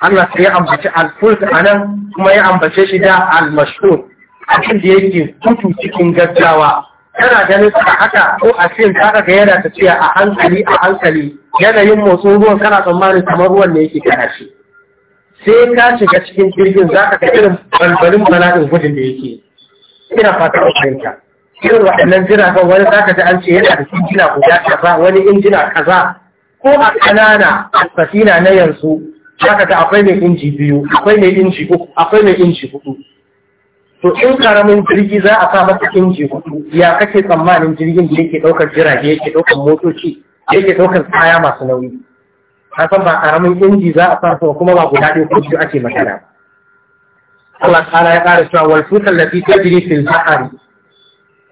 Allah ya ambaci al-fulk anan kuma ya ambace shi da al-mashhur abin da yake tutu cikin gaggawa kana ganin suka haka ko a cikin ka ga yana tafiya a hankali a hankali yanayin motsin ruwan kana tsammanin kamar ruwan ne yake kana shi sai ka shiga cikin jirgin za ka ga irin balbalin bala'in gudun da yake ina fata a fahimta irin waɗannan jiragen wani za ka ji an ce yana da injina guda kaza wani injina kaza ko a ƙanana safina na yanzu za ka ga akwai mai inji biyu akwai mai inji uku akwai mai inji hudu to in karamin jirgi za a sa masa inji ya kake tsammanin jirgin da yake ɗaukar jirage yake ɗaukar motoci yake ɗaukar kaya masu nauyi ka san ba karamin inji za a sa su kuma ba guda ɗaya ko ake magana Allah ta'ala ya ƙara cewa wal fulkal lati tajri fil bahr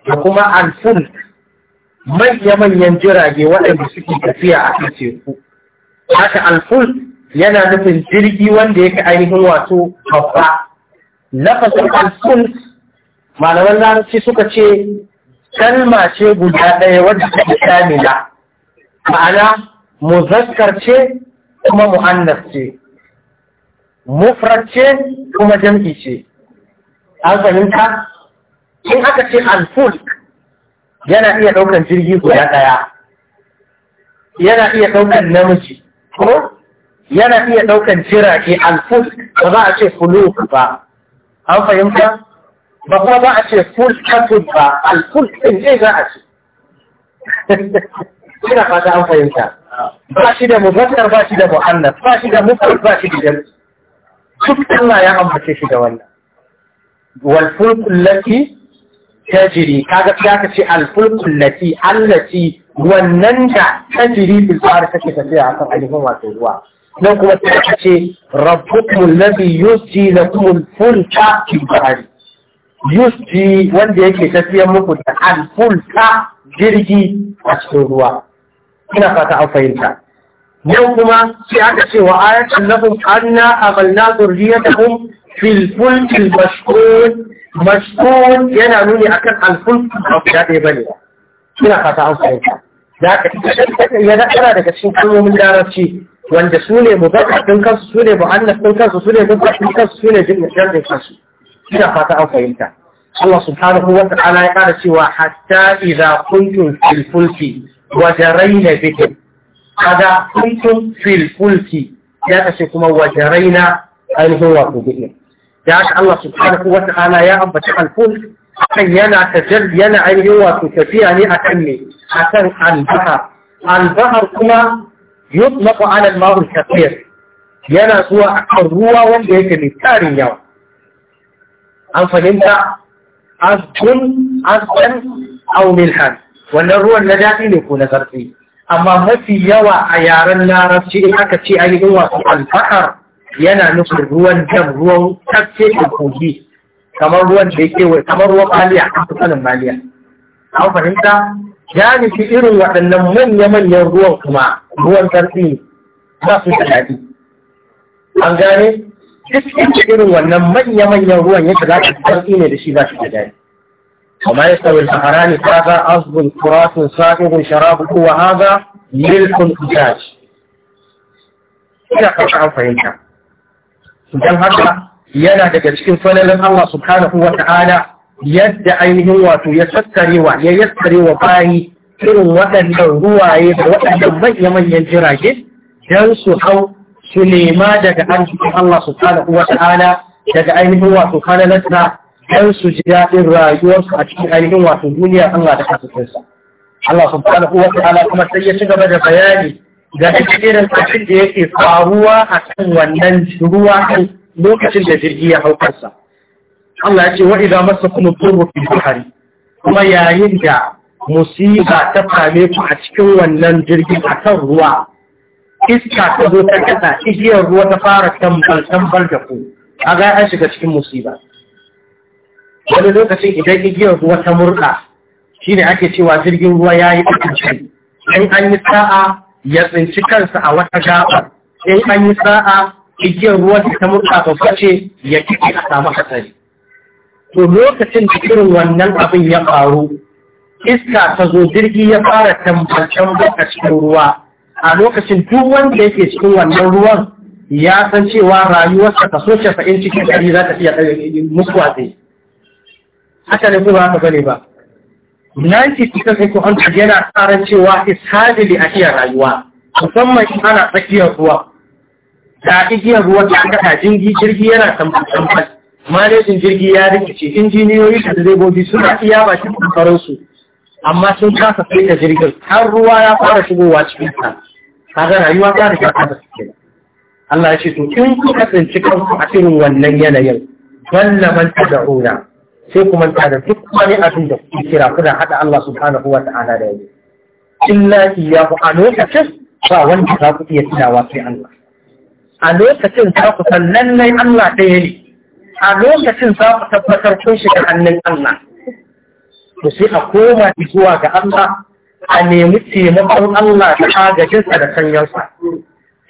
da kuma al fulk manya-manyan jirage waɗanda suke tafiya a kan teku haka al yana nufin jirgi wanda yake ainihin wato babba Nafasar alfun malaman larabci suka ce kalma ce guda ɗaya wadda take kamila ma'ana muzakkar ce kuma mu'annas ce mufrad ce kuma jam'i ce an fahimta in aka ce alfun yana iya ɗaukar jirgi guda ɗaya yana iya ɗaukar namiji ko yana iya ɗaukar jirage alfun ba za a ce fuluk ba an fahimta ba kuma ba a ce full katun ba al-full ɗin ne za a ce (laughs) ina fata an fahimta ba shi da mubatar ba shi da mu'annas ba shi da mufar ba shi da jami'i duk Allah ya ambace shi da wannan wal fulkul lati tajri kaga sai aka ce al fulkul lati allati wannan da tajri bil far take tafiya akan alifin wato ruwa nan kuma sai aka ce rabbukum alladhi yusji lakum al-fulka fil bahri yusji wanda yake tafiyar muku da al-fulka jirgi a cikin ruwa ina fata an fahimta yau kuma sai aka ce wa ayatan lahum anna amalna zurriyatahum fil fulkil mashkun mashkun yana nuni akan al-fulk ba guda ɗaya bane ina fata an fahimta da aka ya daga cikin kalmomin larabci wanda su ne mubarak ɗin kansu su ne mu'annas ɗin kansu su ne mubarak ɗin kansu su ne jimishiyar ɗin kansu ina fata an fahimta Allah subhanahu wa ta'ala ya ƙara cewa hatta idza kuntum fil fulki wa jarayna bikum Kada kuntum fil fulki ya kace kuma wa jarayna ainihin wato bikum da haka Allah subhanahu wa ta'ala ya ambaci al-fulk kan yana tajar yana ainihin wato tafiya ne akan ne akan al-bahar al-bahar kuma yutlaqu ala al-ma'u yana zuwa akan ruwa wanda yake mai tarin yawa an fahimta azkun azkan aw wannan ruwan na daɗi ne ko na zarfi amma mafi yawa a yaren larabci in aka ce an yi wasu alfahar yana nufin ruwan jam ruwan tafce da kogi kamar ruwan maliya a kusanin maliya an ya nufi irin waɗannan manya-manyan ruwan kuma ruwan sarfi ba su da an gane duk inda irin wannan manya-manyan ruwan yake za su sarfi ne da shi za su da daɗi وما يستوي البحران هذا عصب فرات سائغ شرابه وهذا ملك أجاج ina kawai an fahimta don haka yana daga cikin fananin Allah subhanahu wa ta'ala yadda ainihin wato ya sassare ya bayi irin waɗannan ruwaye da waɗannan manya-manyan jirage don su hau su nema daga arzikin Allah subhanahu wa ta'ala daga ainihin wato kanalarsa don su ji daɗin rayuwarsu a cikin ainihin wato duniya Allah da kasuwarsa. Allah subhanahu wa ta'ala kuma sai ya ci gaba da bayani ga irin abin da yake faruwa a kan wannan ruwa lokacin da jirgi ya haukarsa. Allah ya ce wa idan masa kuma turbu fi bahari kuma yayin da musiba ta same ku a cikin wannan jirgin a kan ruwa iska ta zo ta kasa igiyar ruwa ta fara tambal tambal da ku a ga an shiga cikin musiba wani lokacin idan igiyar ruwa ta murka, shine ake cewa jirgin ruwa ya yi ɗaukacin in an yi sa'a ya tsinci kansa a wata gaba in an yi sa'a igiyar ruwa ta murka babba ce ya kike a samu hatsari to lokacin da irin wannan abin ya faru iska ta zo jirgi ya fara tambacen baka cikin ruwa a lokacin duk wanda yake cikin wannan ruwan ya san cewa rayuwarsa kaso casa'in cikin ɗari za ta iya mutuwa zai haka ne kuma ba bane ba 90% yana tsarin cewa ishadili a iya rayuwa musamman in ana tsakiyar ruwa ta igiyar ruwa ta kaɗa jirgi jirgi yana tambacen baki. manajin jirgi ya rikice injiniyoyi da direbobi suna iya bakin kokarinsu amma sun kasa sai da jirgin har ruwa ya fara shigowa cikin ta kaga rayuwa ta da ta suke Allah ya ce to in kasance tsinci kanku a cikin wannan yanayin manta man tad'una sai ku manta da duk wani abin da kuke kira kuna hada Allah subhanahu wa ta'ala da yau illa ku a lokacin ba wanda za ku iya tunawa sai Allah a lokacin za ku san lallai Allah ɗaya ne a lokacin za ku tabbatar kun shiga hannun Allah ku sai a koma zuwa ga Allah a nemi taimakon Allah ta agajinsa da sanyansa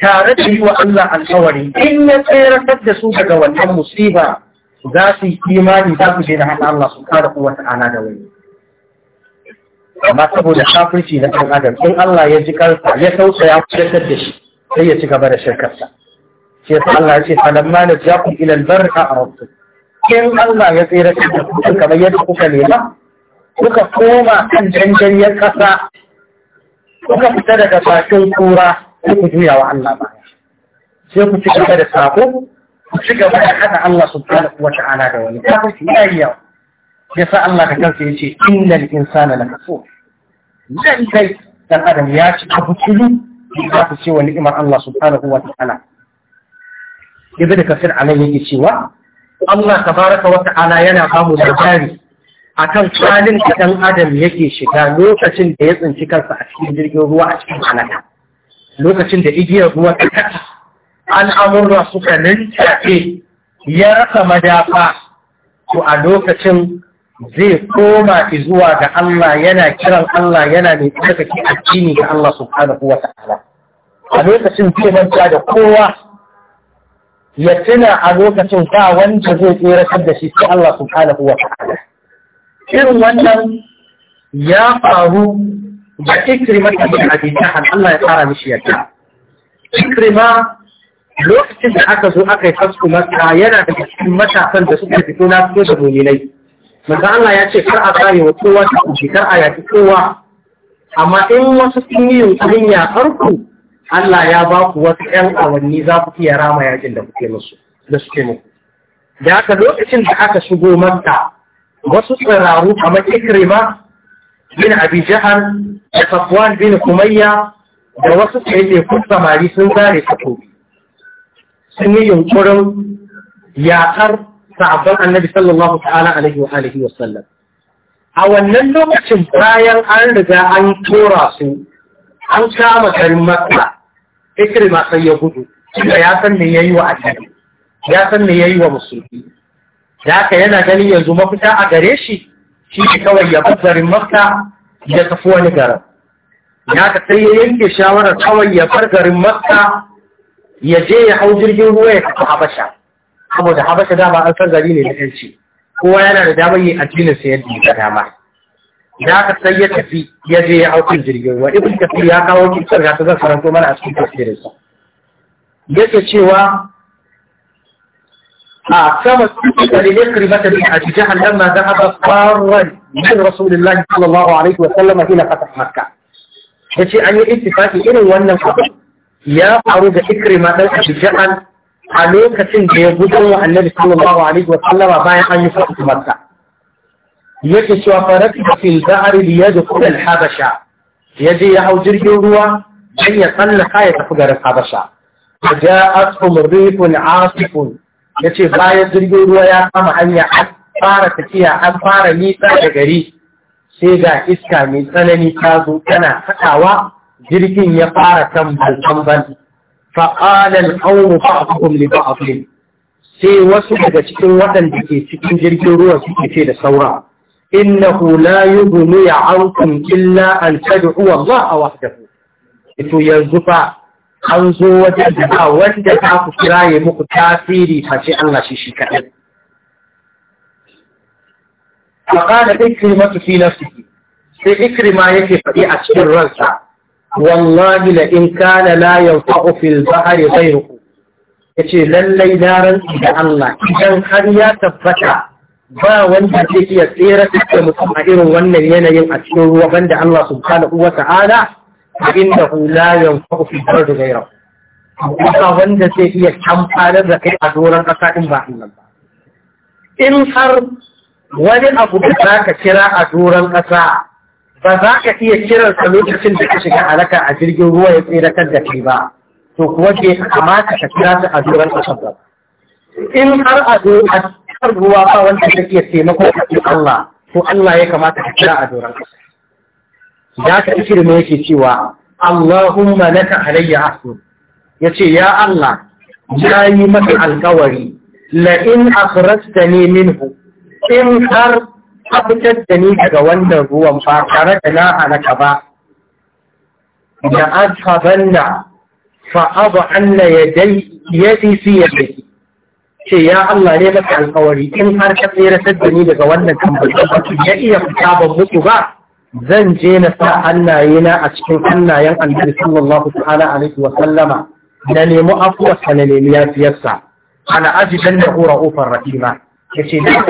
tare da yi wa Allah alkawari in ya tseratar da su daga wannan musiba za su yi imani za su je da hannun Allah su kara kuwa ana da wani amma saboda kafirci na ɗan adam in Allah ya ji karsa ya tausaya kudatar da shi sai ya ci gaba da shirkarsa shi yasa Allah ya ce falamma najakum ila albarri a'radtum in Allah ya tsira da ku kamar yadda kuka nema kuka koma kan janjariyar ƙasa kuka fita daga bakin kura sai ku juya wa Allah baya sai ku ci gaba da sako ku ci gaba da hada Allah subhanahu wa ta'ala da wani kafin shi yayi yawa yasa Allah ka kansa yace innal insana lakafur dan kai dan adam ya ci abu kili da ku ce wa ni'imar Allah subhanahu wa ta'ala ibn kafir ya yake cewa Allah tabaraka wa ta'ala yana ba da jari. akan halin da dan adam yake shiga lokacin da ya tsinci kansa a cikin jirgin ruwa a cikin halaka lokacin da igiyar ruwa ta kasa al'amurra suka nintafe ya rasa madafa to a lokacin zai koma zuwa ga Allah yana kiran Allah yana mai tsarkake addini ga Allah subhanahu wa ta'ala a lokacin zai manta da kowa ya tuna a lokacin ba wanda zai tseratar da shi sai Allah subhanahu wa ta'ala irin wannan ya faru da ikrima ta bin abi Allah ya fara mishi yadda ikrima lokacin da aka zo aka yi fasku yana da cikin matasan da suka fito na fito da muminai manzo Allah ya ce kar a kare wa kowa ta kuce kar a yaki kowa amma in wasu sun yi yunkurin ya farko Allah ya ba ku wasu ‘yan awanni za ku iya rama yakin da kuke musu da suke muku. Da aka lokacin da aka shigo manta wasu tsiraru kamar Ikrima bin Abi Jahal da Safwan bin Kumayya da wasu tsaye samari sun zare takobi. Sun yi yunkurin yakar sahabban annabi sallallahu ta'ala alaihi wa alihi wa sallam. A wannan lokacin bayan an riga an tura su an kama garin makka ikrima sai ya gudu tunda ya san ya yi wa annabi ya san ya yi wa musulmi da aka yana ganin yanzu mafita a gare shi shi ne kawai ya bar garin ya tafi wani garin ya ka sai ya yanke shawarar kawai ya bar garin makka ya je ya hau jirgin ruwa ya tafi habasha saboda habasha dama an san gari ne na yanci kowa yana da damar yi addinin sa yadda ya dama ya aka sai ya tafi ya je ya haukin jirgin ruwa ibn kafir ya kawo kisar ga ta zan karanto mana a cikin tafsirin sa yake cewa a sama cikin ikrima ta bin abi jahal lamma dhahaba farran min rasulillahi sallallahu alaihi wa sallam ila fatah makkah yace an yi ittifaki irin wannan abu ya faru da ikrima dan abi jahal a lokacin da ya gudu wa annabi sallallahu alaihi wa sallama bayan an yi fatah makkah yake cewa faraki da fil da'ari li yadkhul al habasha yaje ya hau jirgin ruwa dan ya tsallaka ya tafi garin habasha ja'atuhum rifun asifun yace bayan jirgin ruwa ya kama hanya an fara tafiya an fara nisa da gari sai ga iska mai tsanani ta zo tana sakawa jirgin ya fara tambal tambal fa'ala al-qawmu ba'dhum li ba'dhin sai wasu daga cikin waɗanda ke cikin jirgin ruwa suke ce da saura innahu la yuzunu ya aukun illa an tabi'u Allah a wahdahu ito yanzu fa an zo wajen da wanda ta ku kira ya muku tasiri ta ce Allah shi shi kaɗai. Ta ƙara ikiri masu fi suke, sai ikiri ma yake faɗi a cikin ransa, wallahi la in kana la yanfa ofil bahari bai ruku. Ya ce lallai na rantsi da Allah, idan har ya tabbata ba wanda zai iya tsere da mutum a irin wannan yanayin a cikin ruwa banda Allah subhanahu wa ta'ala inda hula yanfa fi da gaira ba wanda zai iya kamfanar da kai a doron ƙasa in ba Allah ba in har wani abu da za ka kira a doron ƙasa ba za ka iya kiransa lokacin da ka shiga halaka a jirgin ruwa ya tsere kan da kai ba to kuwa ke kamata ka kira su a doron ƙasa ba in har a ruwa ba wanda ta iya taimako a cikin Allah ko Allah ya kamata ka kira a doron ƙasa ka ishir me yake cewa Allahumma laka alayya ahsun yace ya Allah ya yi maka alkawari la in akhrajtani minhu in har ka fitar da ni daga wannan ruwan ba tare da na halaka ba da azhabanna fa adhanna yadi yadi fi yadi ce ya Allah ne maka alkawari in har ka tseratar da ni daga wannan tambayi ya iya fita ban mutu ba zan je na sa hannaye na a cikin hannayen annabi sallallahu ta'ala alaihi wa sallama na nemi afuwarsa na nemi yafiyarsa ana ajidan da hura ofar rahima ya ce na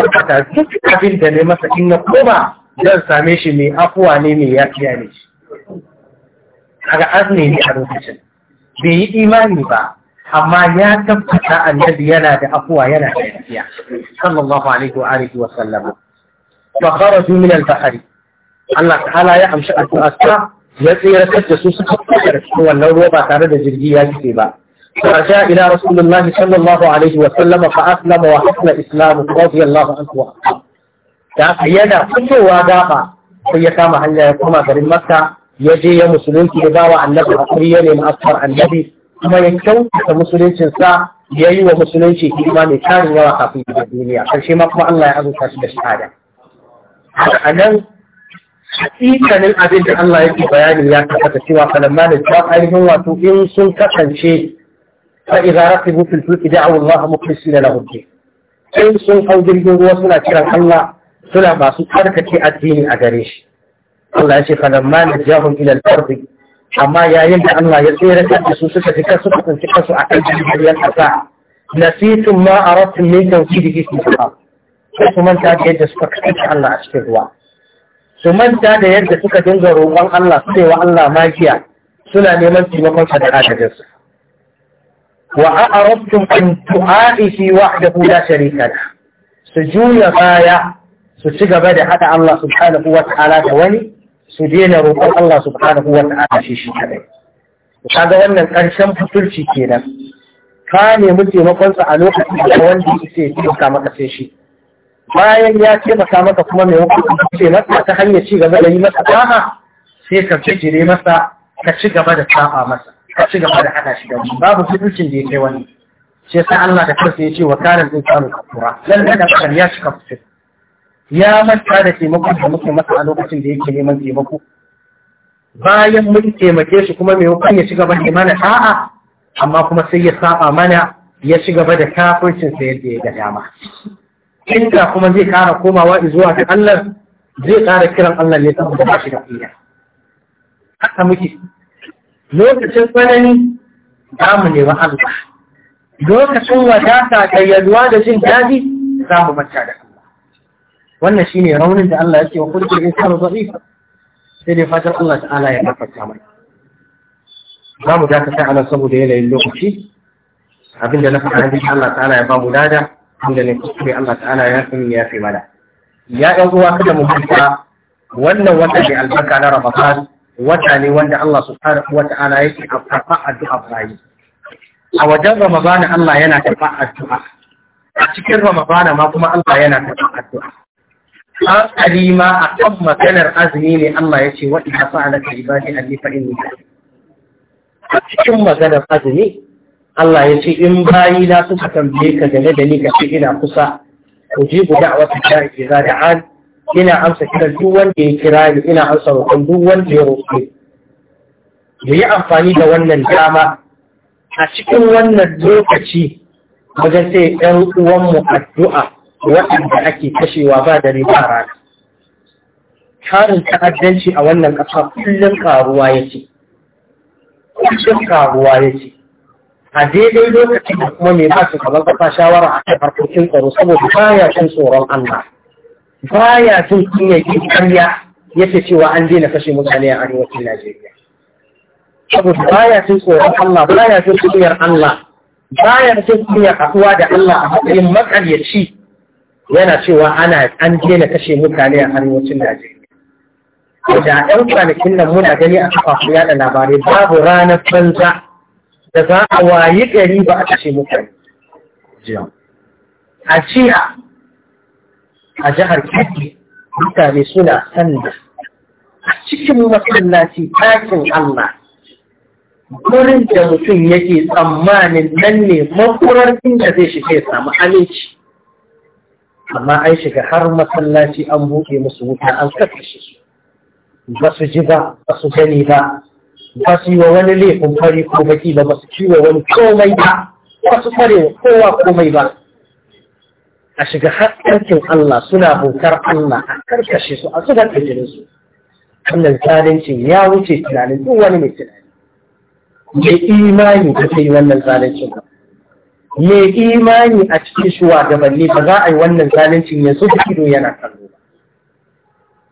duk abin da ne masa in na koma zan same shi mai afuwa ne mai yafiya ne kaga azumi ne a lokacin bai yi imani ba amma ya tabbata annabi yana da afuwa yana da yafiya sallallahu alaihi wa alihi wa sallam fa kharaju min al-bahri Allah ta'ala ya amshi addu'arsa ya tsira da su suka fita da cikin wannan ruwa ba tare da jirgi ya fice ba فرجع إلى رسول الله صلى الله عليه وسلم فأسلم وحسن إسلامه رضي الله عنه وأرضاه da yana fitowa gaba sai ya kama hanya ya koma garin Makka ya je ya musulunci ya bawa annabi hakuri ya nemi asfar annabi kuma ya kyautata musuluncinsa ya yi wa musulunci hidima mai tarin yawa kafin gidan duniya karshe ma kuma Allah ya azurta shi da shahada a nan hakikanin abin da Allah yake bayani ya tabbata cewa falamma da ta ainihin wato in sun kasance fa idza raqibu fil fulki da'u Allah mukhlisina lahu in sun hau jirgin ruwa suna kiran Allah suna masu tsarkake addini a gare shi Allah ya ce falamma najahum ila al-ardi amma yayin da Allah ya tsere da su suka fi kasu kasance kasu a kan jirgin ƙasa nasitun ma a rafin ne tauki da su suka sai su manta da yadda suka kasance Allah a cikin ruwa su manta da yadda suka dinga roƙon Allah su wa Allah magiya suna neman taimakon sa da adadin su wa a arabtum an tu'aishi wahdahu la sharika la su juya baya su ci gaba da hada Allah subhanahu wa ta'ala da wani su dena roƙon Allah subhanahu wa ta'ala shi shi kadai kaga wannan karshen ke nan. ka nemi taimakon sa a lokacin da wanda ya yake taimaka maka sai shi bayan ya taimaka maka kuma mai hukunci ce masa ta hanyar ci gaba da yi masa ta'a sai ka jire masa ka ci gaba da ta'a masa ka ci gaba da hada shi da wani babu fitircin da ya kai wani sai sa Allah da kansa ya ce wa karin ɗin samun kafura lalle da kan ya cika fitir ya manta da taimakon da muke masa a lokacin da yake neman taimako bayan mun taimake shi kuma mai hukun ya ci gaba da mana a'a amma kuma sai ya saba mana ya ci gaba da kafircin sa yadda ya ga dama inda kuma zai kara komawa zuwa ga Allah zai kara kiran Allah ne saboda ba shi da iya haka muke lokacin tsanani za mu nemi Allah lokacin wadata da yalwa da jin daɗi za mu manta da wannan shine raunin da Allah ya ce wa kullu insanu dha'if sai dai fatan Allah ta'ala ya gafarta mai za mu kai anan saboda yanayin lokaci abinda na faɗa hadisi Allah ta'ala ya ba mu lada inda ne kuskure Allah ta'ala ya san ya fi mana ya ɗan uwa kada mu manta wannan wata ne albarka na Ramadan wata ne wanda Allah subhanahu wa ta'ala yake afafa addu'a bayi a wajen Ramadan Allah yana tafa addu'a a cikin Ramadan ma kuma Allah yana tafa addu'a hankali ma a kan maganar azumi ne Allah ya ce waɗanda hafa ala ka ibadi alli fa inni a cikin maganar azumi Allah ya ce in bayi na suka tambaye ka game da ni ka ce ina kusa ku ji guda a wata shari'a ke za da ina amsa kiran duk wanda ya kira ni ina amsa roƙon duk wanda ya roƙe mu yi amfani da wannan dama a cikin wannan lokaci wajen sai ɗan uwanmu addu'a waɗanda ake kashewa ba dare ba rana Karin ta'addanci a wannan ƙasa kullum ƙaruwa karuwa yake kullum ya ce. a daidai lokacin da kuma mai ba su gaban ƙasa shawara a kan harkokin tsaro saboda ya jin tsoron Allah ba ya jin kunya yi karya yake cewa an daina kashe mutane a arewacin Najeriya saboda ba ya jin tsoron Allah ba ya jin kunyar Allah ba ya jin kunyar haɗuwa da Allah a matsayin makaryaci yana cewa ana an daina kashe mutane a arewacin Najeriya. Da ‘yan kwanakin nan muna gani a kafafu yada labarai babu ranar banza da za a wayi gari ba a kashe mutane. A jiya a jihar Kebbi mutane suna sanda a cikin masallaci takin Allah. Gurin da mutum yake tsammanin nan ne mafurar inda zai shiga ya samu aminci. amma an shiga har masallaci an buɗe musu wuta an karkashe su ba su ji ba ba su gani ba ba su yi wa wani laifin fari ko baki ba ba su wa wani komai ba ba su fare wa kowa komai ba a shiga har karkin Allah suna bautar Allah a karkashe su a zuba kirjirin su wannan zalincin ya wuce tunanin duk wani mai tunani mai imani da ta yi wannan zalincin ba mai imani a cikin balle ba za a yi wannan zalincin ya so ido yana kallo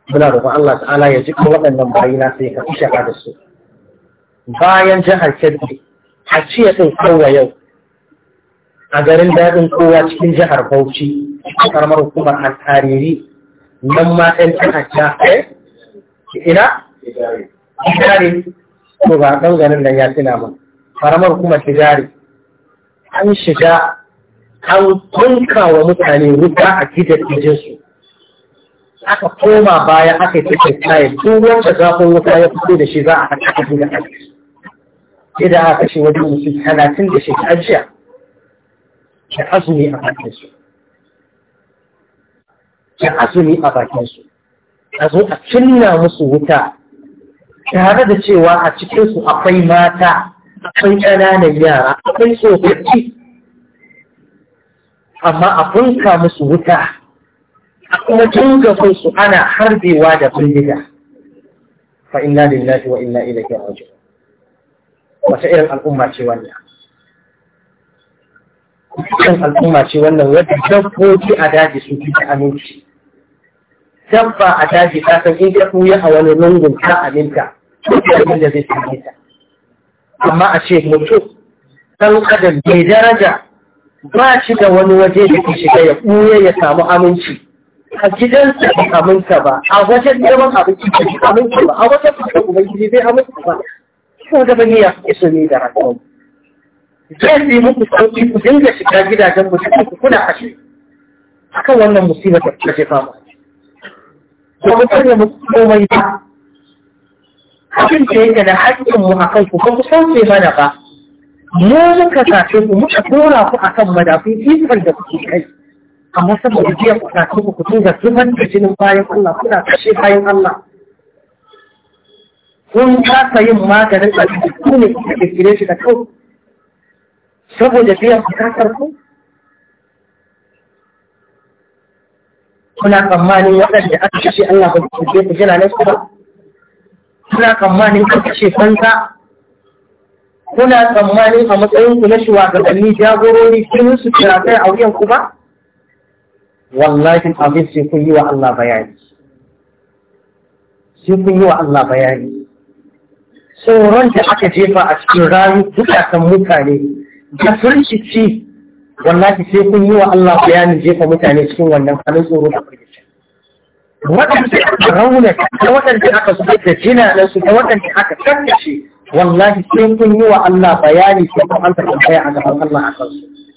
muna roƙon Allah ta'ala ya jikin waɗannan na sai ka fi shaka da su bayan jihar Kebbi a ciye ɗin kowa yau a garin daɗin kowa cikin jihar Bauchi a ƙaramar hukumar Alkariri nan ma ɗan ta'adda eh? ina? Tijari. Ko ba ɗan ganin nan ya tuna ba. Ƙaramar hukumar Tijari. an shiga an tunka wa mutane wuta a gidajen su aka koma baya aka yi tafiya kayan tun wanda zafin wuta ya fito da shi za a haka da aka sai da aka shi wajen mutum talatin da ta jiya da azumi a bakinsu. su azumi a bakinsu. a zo a cinna musu wuta tare da cewa a cikinsu akwai mata akwai ƙananan yara akwai tsofaffi amma a funka musu wuta a kuma tunga su ana harbewa da bindiga fa inna lillahi wa inna ilaihi raji'un wata irin al'umma ce wannan kan al'umma ce wannan wadda dabbobi a daji su fi da aminci dabba a daji ta san in ka a wani lungun ka aminta duk da zai same ta amma a ce mutum ɗan adam mai daraja ba shi da wani waje da ke shiga ya ɓuya ya samu aminci a gidansa bai aminta ba a wajen neman abinci shi aminta ba a wajen fuska ubangiji bai aminta ba ko da bane ya fi su ne da rakon zai yi muku sauki ku dinga shiga gidajen mutum ku kuna ashe akan wannan musibar da ta jefa mu. Kuma mutane mu komai ba abin da yake na haƙƙin mu a kanku ko ku sauke mana ba mu muka sace ku muka dora ku a kan madafin da kuke kai amma saboda jiya ku sace ku ku tunga zuban da jinin bayan Allah kuna kashe bayan Allah kun kasa yin maganin abin da ku ne kuka kire shi da kau saboda biyan bukatar ku kuna tsammanin waɗanda aka kashe Allah ba su je ku jira su ba kuna tsammanin ka kashe kanka kuna tsammanin a matsayin ku na shugabanni jagorori Sun su kira kai a wuyan ku ba wallahi abin sai kun yi wa Allah bayani sai kun yi wa Allah bayani sauran da aka jefa a cikin rayu dukkan mutane da ci wallahi sai kun yi wa Allah bayanin jefa mutane cikin wannan halin tsoro da firkici waɗanda aka rauna ta waɗanda aka zubar da jinanansu ta waɗanda aka tattace wallahi sai kun yi wa Allah bayani sai kun an tambaya a gaban Allah a kansu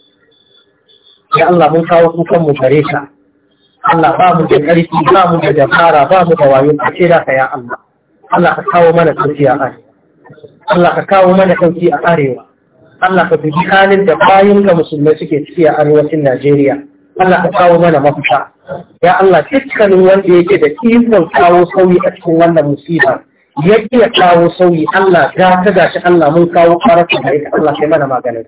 ya Allah mun kawo kukan mu gare ka Allah ba mu da ƙarfi ba mu da jafara ba mu da wayo ka da ka ya Allah Allah ka kawo mana sauki a arewa Allah ka kawo mana sauki a arewa Allah ka dubi halin da bayan ga musulmai suke ciki a arewacin Najeriya Allah ka kawo mana mafita ya Allah dukkanin wanda yake da ikon kawo sauyi a cikin wannan musiba ya iya kawo sauyi Allah ga ta gashi Allah mun kawo karatu da ita Allah sai mana maganin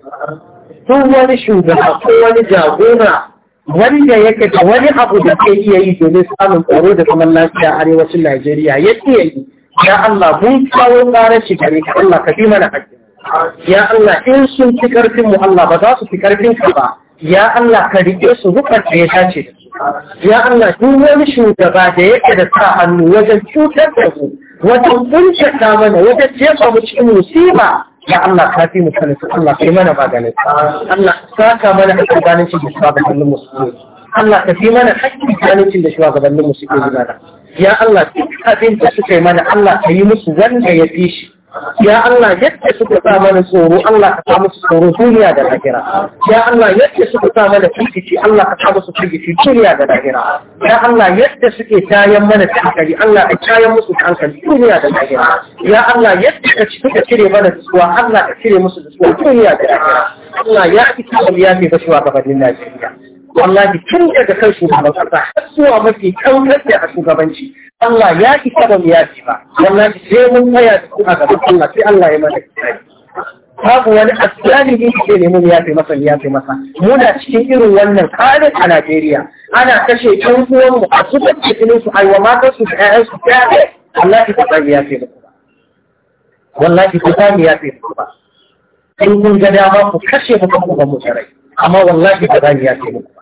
Tun wani shugaba ko wani jagora wanda yake da wani abu da ke iya yi domin samun tsaro da kuma lafiya a arewacin Najeriya ya iya yi ya Allah mun kawo karar shi gare ka Allah ka bi mana hakki ya Allah in sun fi karfin mu Allah ba za su fi karfin ka ba ya Allah ka riƙe su rukar da ya dace da su ya Allah duk wani shugaba da yake da sa hannu wajen cutar da mu wajen kuntata mana wajen jefa mu cikin musiba ya Allah ka fi mu sanin Allah kai mana maganin Allah saka mana a tsakanin shi da sabon hannun musulmi Allah ka fi mana hakkin zaluncin da shugabannin mu suke yi ya Allah duk abin da suka yi mana Allah ka yi musu wanda ya fi shi ya Allah yadda suka sa mana tsoro Allah ka sa musu tsoro duniya da lahira ya Allah yadda suka sa mana firgici Allah ka sa musu firgici duniya da lahira ya Allah yadda suke tayan mana hankali Allah ka tayan musu hankali duniya da lahira ya Allah yadda ka suka cire mana tsuwa Allah ka cire musu tsuwa duniya da lahira Allah ya fi kawai ya fi wa shugabannin Najeriya wallahi tun daga kan shugaban kasa har zuwa mafi kaunar da a shugabanci Allah ya isa ba ya yafi ba wallahi sai mun tsaya da kuma gaban Allah sai Allah ya mana babu wani asali ne ke ya yafe masa yafe masa muna cikin irin wannan kalin a Najeriya ana kashe ɗan mu a cikin da jinin su aiwa matan su da ƴaƴan su ta wallahi ki za mu yafe ba wallahi ki za mu yafe ba in kun ga dama ku kashe mu ku ba mu rai amma wallahi ba za mu yafe muku ba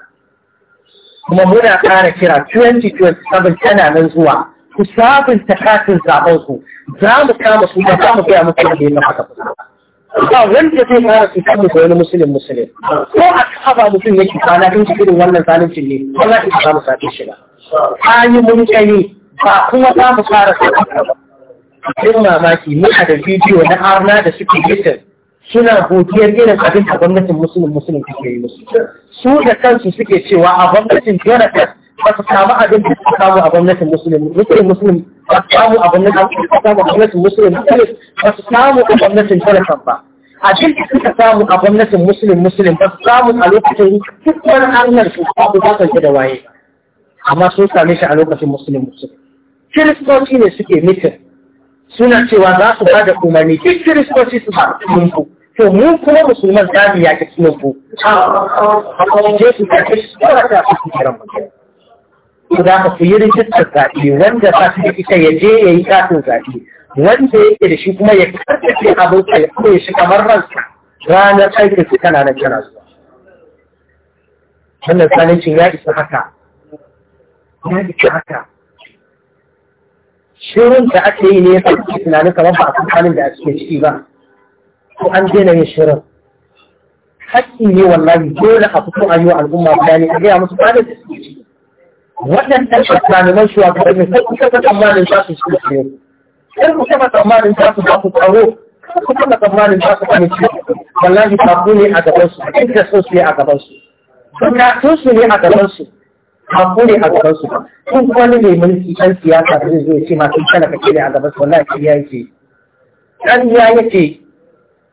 kuma muna ƙara kira 2027 tana nan zuwa ku sabunta katin zaben ku za mu kama su ba za mu gaya musu da yin haka ba wanda zai fara su kan mu wani musulun musulun ko a kaba mutum yake kwana in cikin wannan zaluncin ne wallahi ba za mu sace shi ba kayi mun kai ba kuma za mu fara su ba mamaki muna da bidiyo na arna da suke yitin suna godiyar irin abin da gwamnatin musulun musulun take yi musu su da kansu suke cewa a gwamnatin jonathan ba su samu abin da suka samu a gwamnatin musulun musulun musulun ba su samu a gwamnatin musulun musulun ba su samu a gwamnatin jonathan ba jin da suka samu a gwamnatin musulun musulun ba su samu a lokacin duk wani hanyar su babu ba kanke da waye amma sun same shi a lokacin musulun musulun kiristoci ne suke mitin suna cewa za su ba da umarni duk kiristoci su ba su to mu kuma musulman za mu yaƙi sunan ku a je su yaƙi su ta su kiran mutum to za ka yi rijistar zaɓe wanda za su ita ya je ya yi katin zaɓe wanda yake da shi kuma ya karkace abin ka ya kuma ya shi kamar ransa ranar aikin su tana nan tana zuwa wannan sanancin ya isa haka ya isa haka shirin da ake yi ne ya sa tunanin kamar ba a kan halin da a cikin ciki ba ko an daina yin shirin haƙƙi ne wallahi dole a fito a yi wa al'umma bayani a gaya musu kwanan da suke ciki waɗannan tsakanin shugabanni sai kuka ga tsammanin za su shi ne sai kuka taɓa tsammanin za su ba ku tsaro kuka taɓa tsammanin za su amince wallahi ba ku ne a gaban su duk da sun su ne a gaban su suna sun su ne a gaban su ba ku ne a gaban su ba kun ne mai mulki ɗan siyasa da zai zo ya ce ma sun talaka ke ne a gaban su wallahi Ɗan ya yi ce.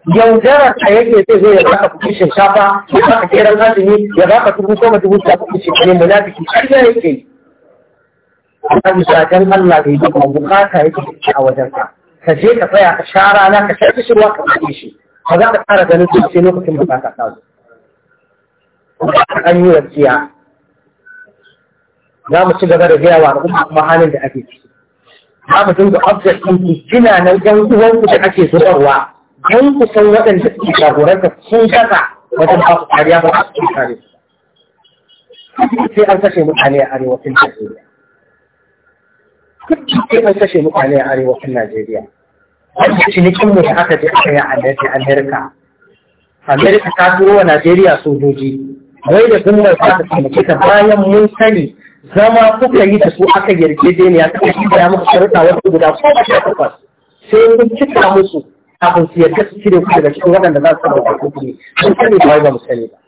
yaudarar a yake zai zai ya baka kuɗi shinkafa ya ba baka keran azumi ya ka dubu goma dubu ta kuɗi shinkafa munafiki ya yake yi a bukatan Allah bai yi ba bukata yake a wajen ka ka je ka tsaya ka sha rana ka sha kishirwa ka kuɗi shi Ka za ka ƙara ganin su sai lokacin bukata ta zo an yi wasiya za mu ci gaba da gaya wa al'umma kuma halin da ake ciki za mu dinga object ɗin gina nan ɗan uwanku da ake zubarwa don ku san waɗanda suke jagoranta sun gaza wajen ba su kariya ba su ke kare sai an kashe mutane a arewacin Najeriya. Sai an kashe mutane a arewacin Najeriya. Wani cinikin mu da aka je aka yi a Amerika. Amerika ta turo wa Najeriya sojoji. Wai da zumar ba ta taimake ta bayan mun sani zama kuka yi da su aka yarjejeniya ta kashi da ya muka sharuɗa wasu guda ko ba ta Sai kun cika musu kafin su yadda su cire ku daga cikin waɗanda za su ɗauka kuɗi sun sani ba ba mu sani ba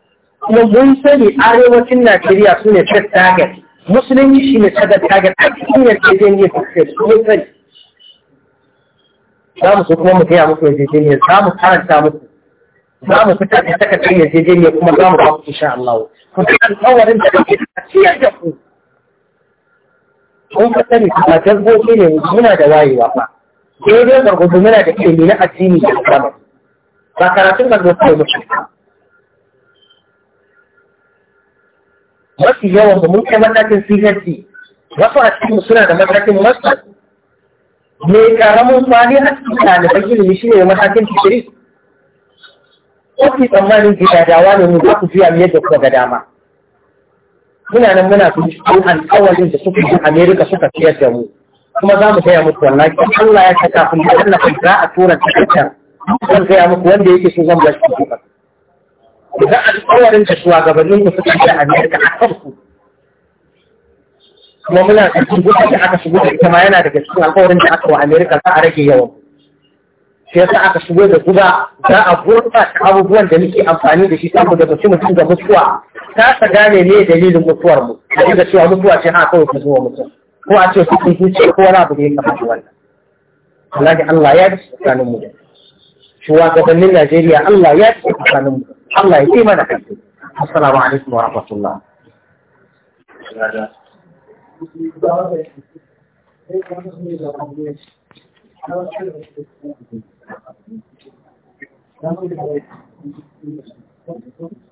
kuma mun sani arewacin Najeriya su ne first target musulunci shi ne second target a cikin yarjejeniyar suke su mun sani za mu so kuma mu gaya muku yarjejeniyar za mu karanta muku za mu fitar da takardar yarjejeniyar kuma za mu ba ku insha Allah ku ga alƙawarin da kake a ciyar da ku kun fa sani ba jazboci ne muna da wayewa ba daidai gargudu muna da ilimi na addini da islamu ba karatun gargudu ne mutum mafi yawan mu mun kai matakin CHD wasu a cikin suna da matakin master mai karamin kwani a cikin ɗaliban ilimi shi ne matakin digiri Kofi tsammanin gidajawa ne mu za ku juya mu yadda kuka ga dama. Muna nan muna binciken alƙawarin da suka yi Amerika suka ciyar da mu. kuma za mu gaya muku wannan ki? Allah ya saka kun da Allah kun za a tura takardar zan gaya muku wanda yake so zan bashi kuka idan alƙawarin da shugabannin ku suka yi a Amerika a kanku kuma muna da shigo da aka shigo da ita ma yana daga cikin alƙawarin da aka wa Amerika za a rage yawan sai yasa aka shigo da guba za a ta abubuwan da muke amfani da shi saboda ba su mutum mutuwa ta sa gane ne dalilin mutuwar mu da cewa mutuwa ce haka kawai ta zuwa mutum ko a ce su kun ce ko wani abu da ya kama shi wannan Allah da Allah ya ci tsakanin mu da shugabannin Najeriya Allah ya ci tsakanin mu Allah ya ce mana kai assalamu alaikum wa rahmatullah Thank you.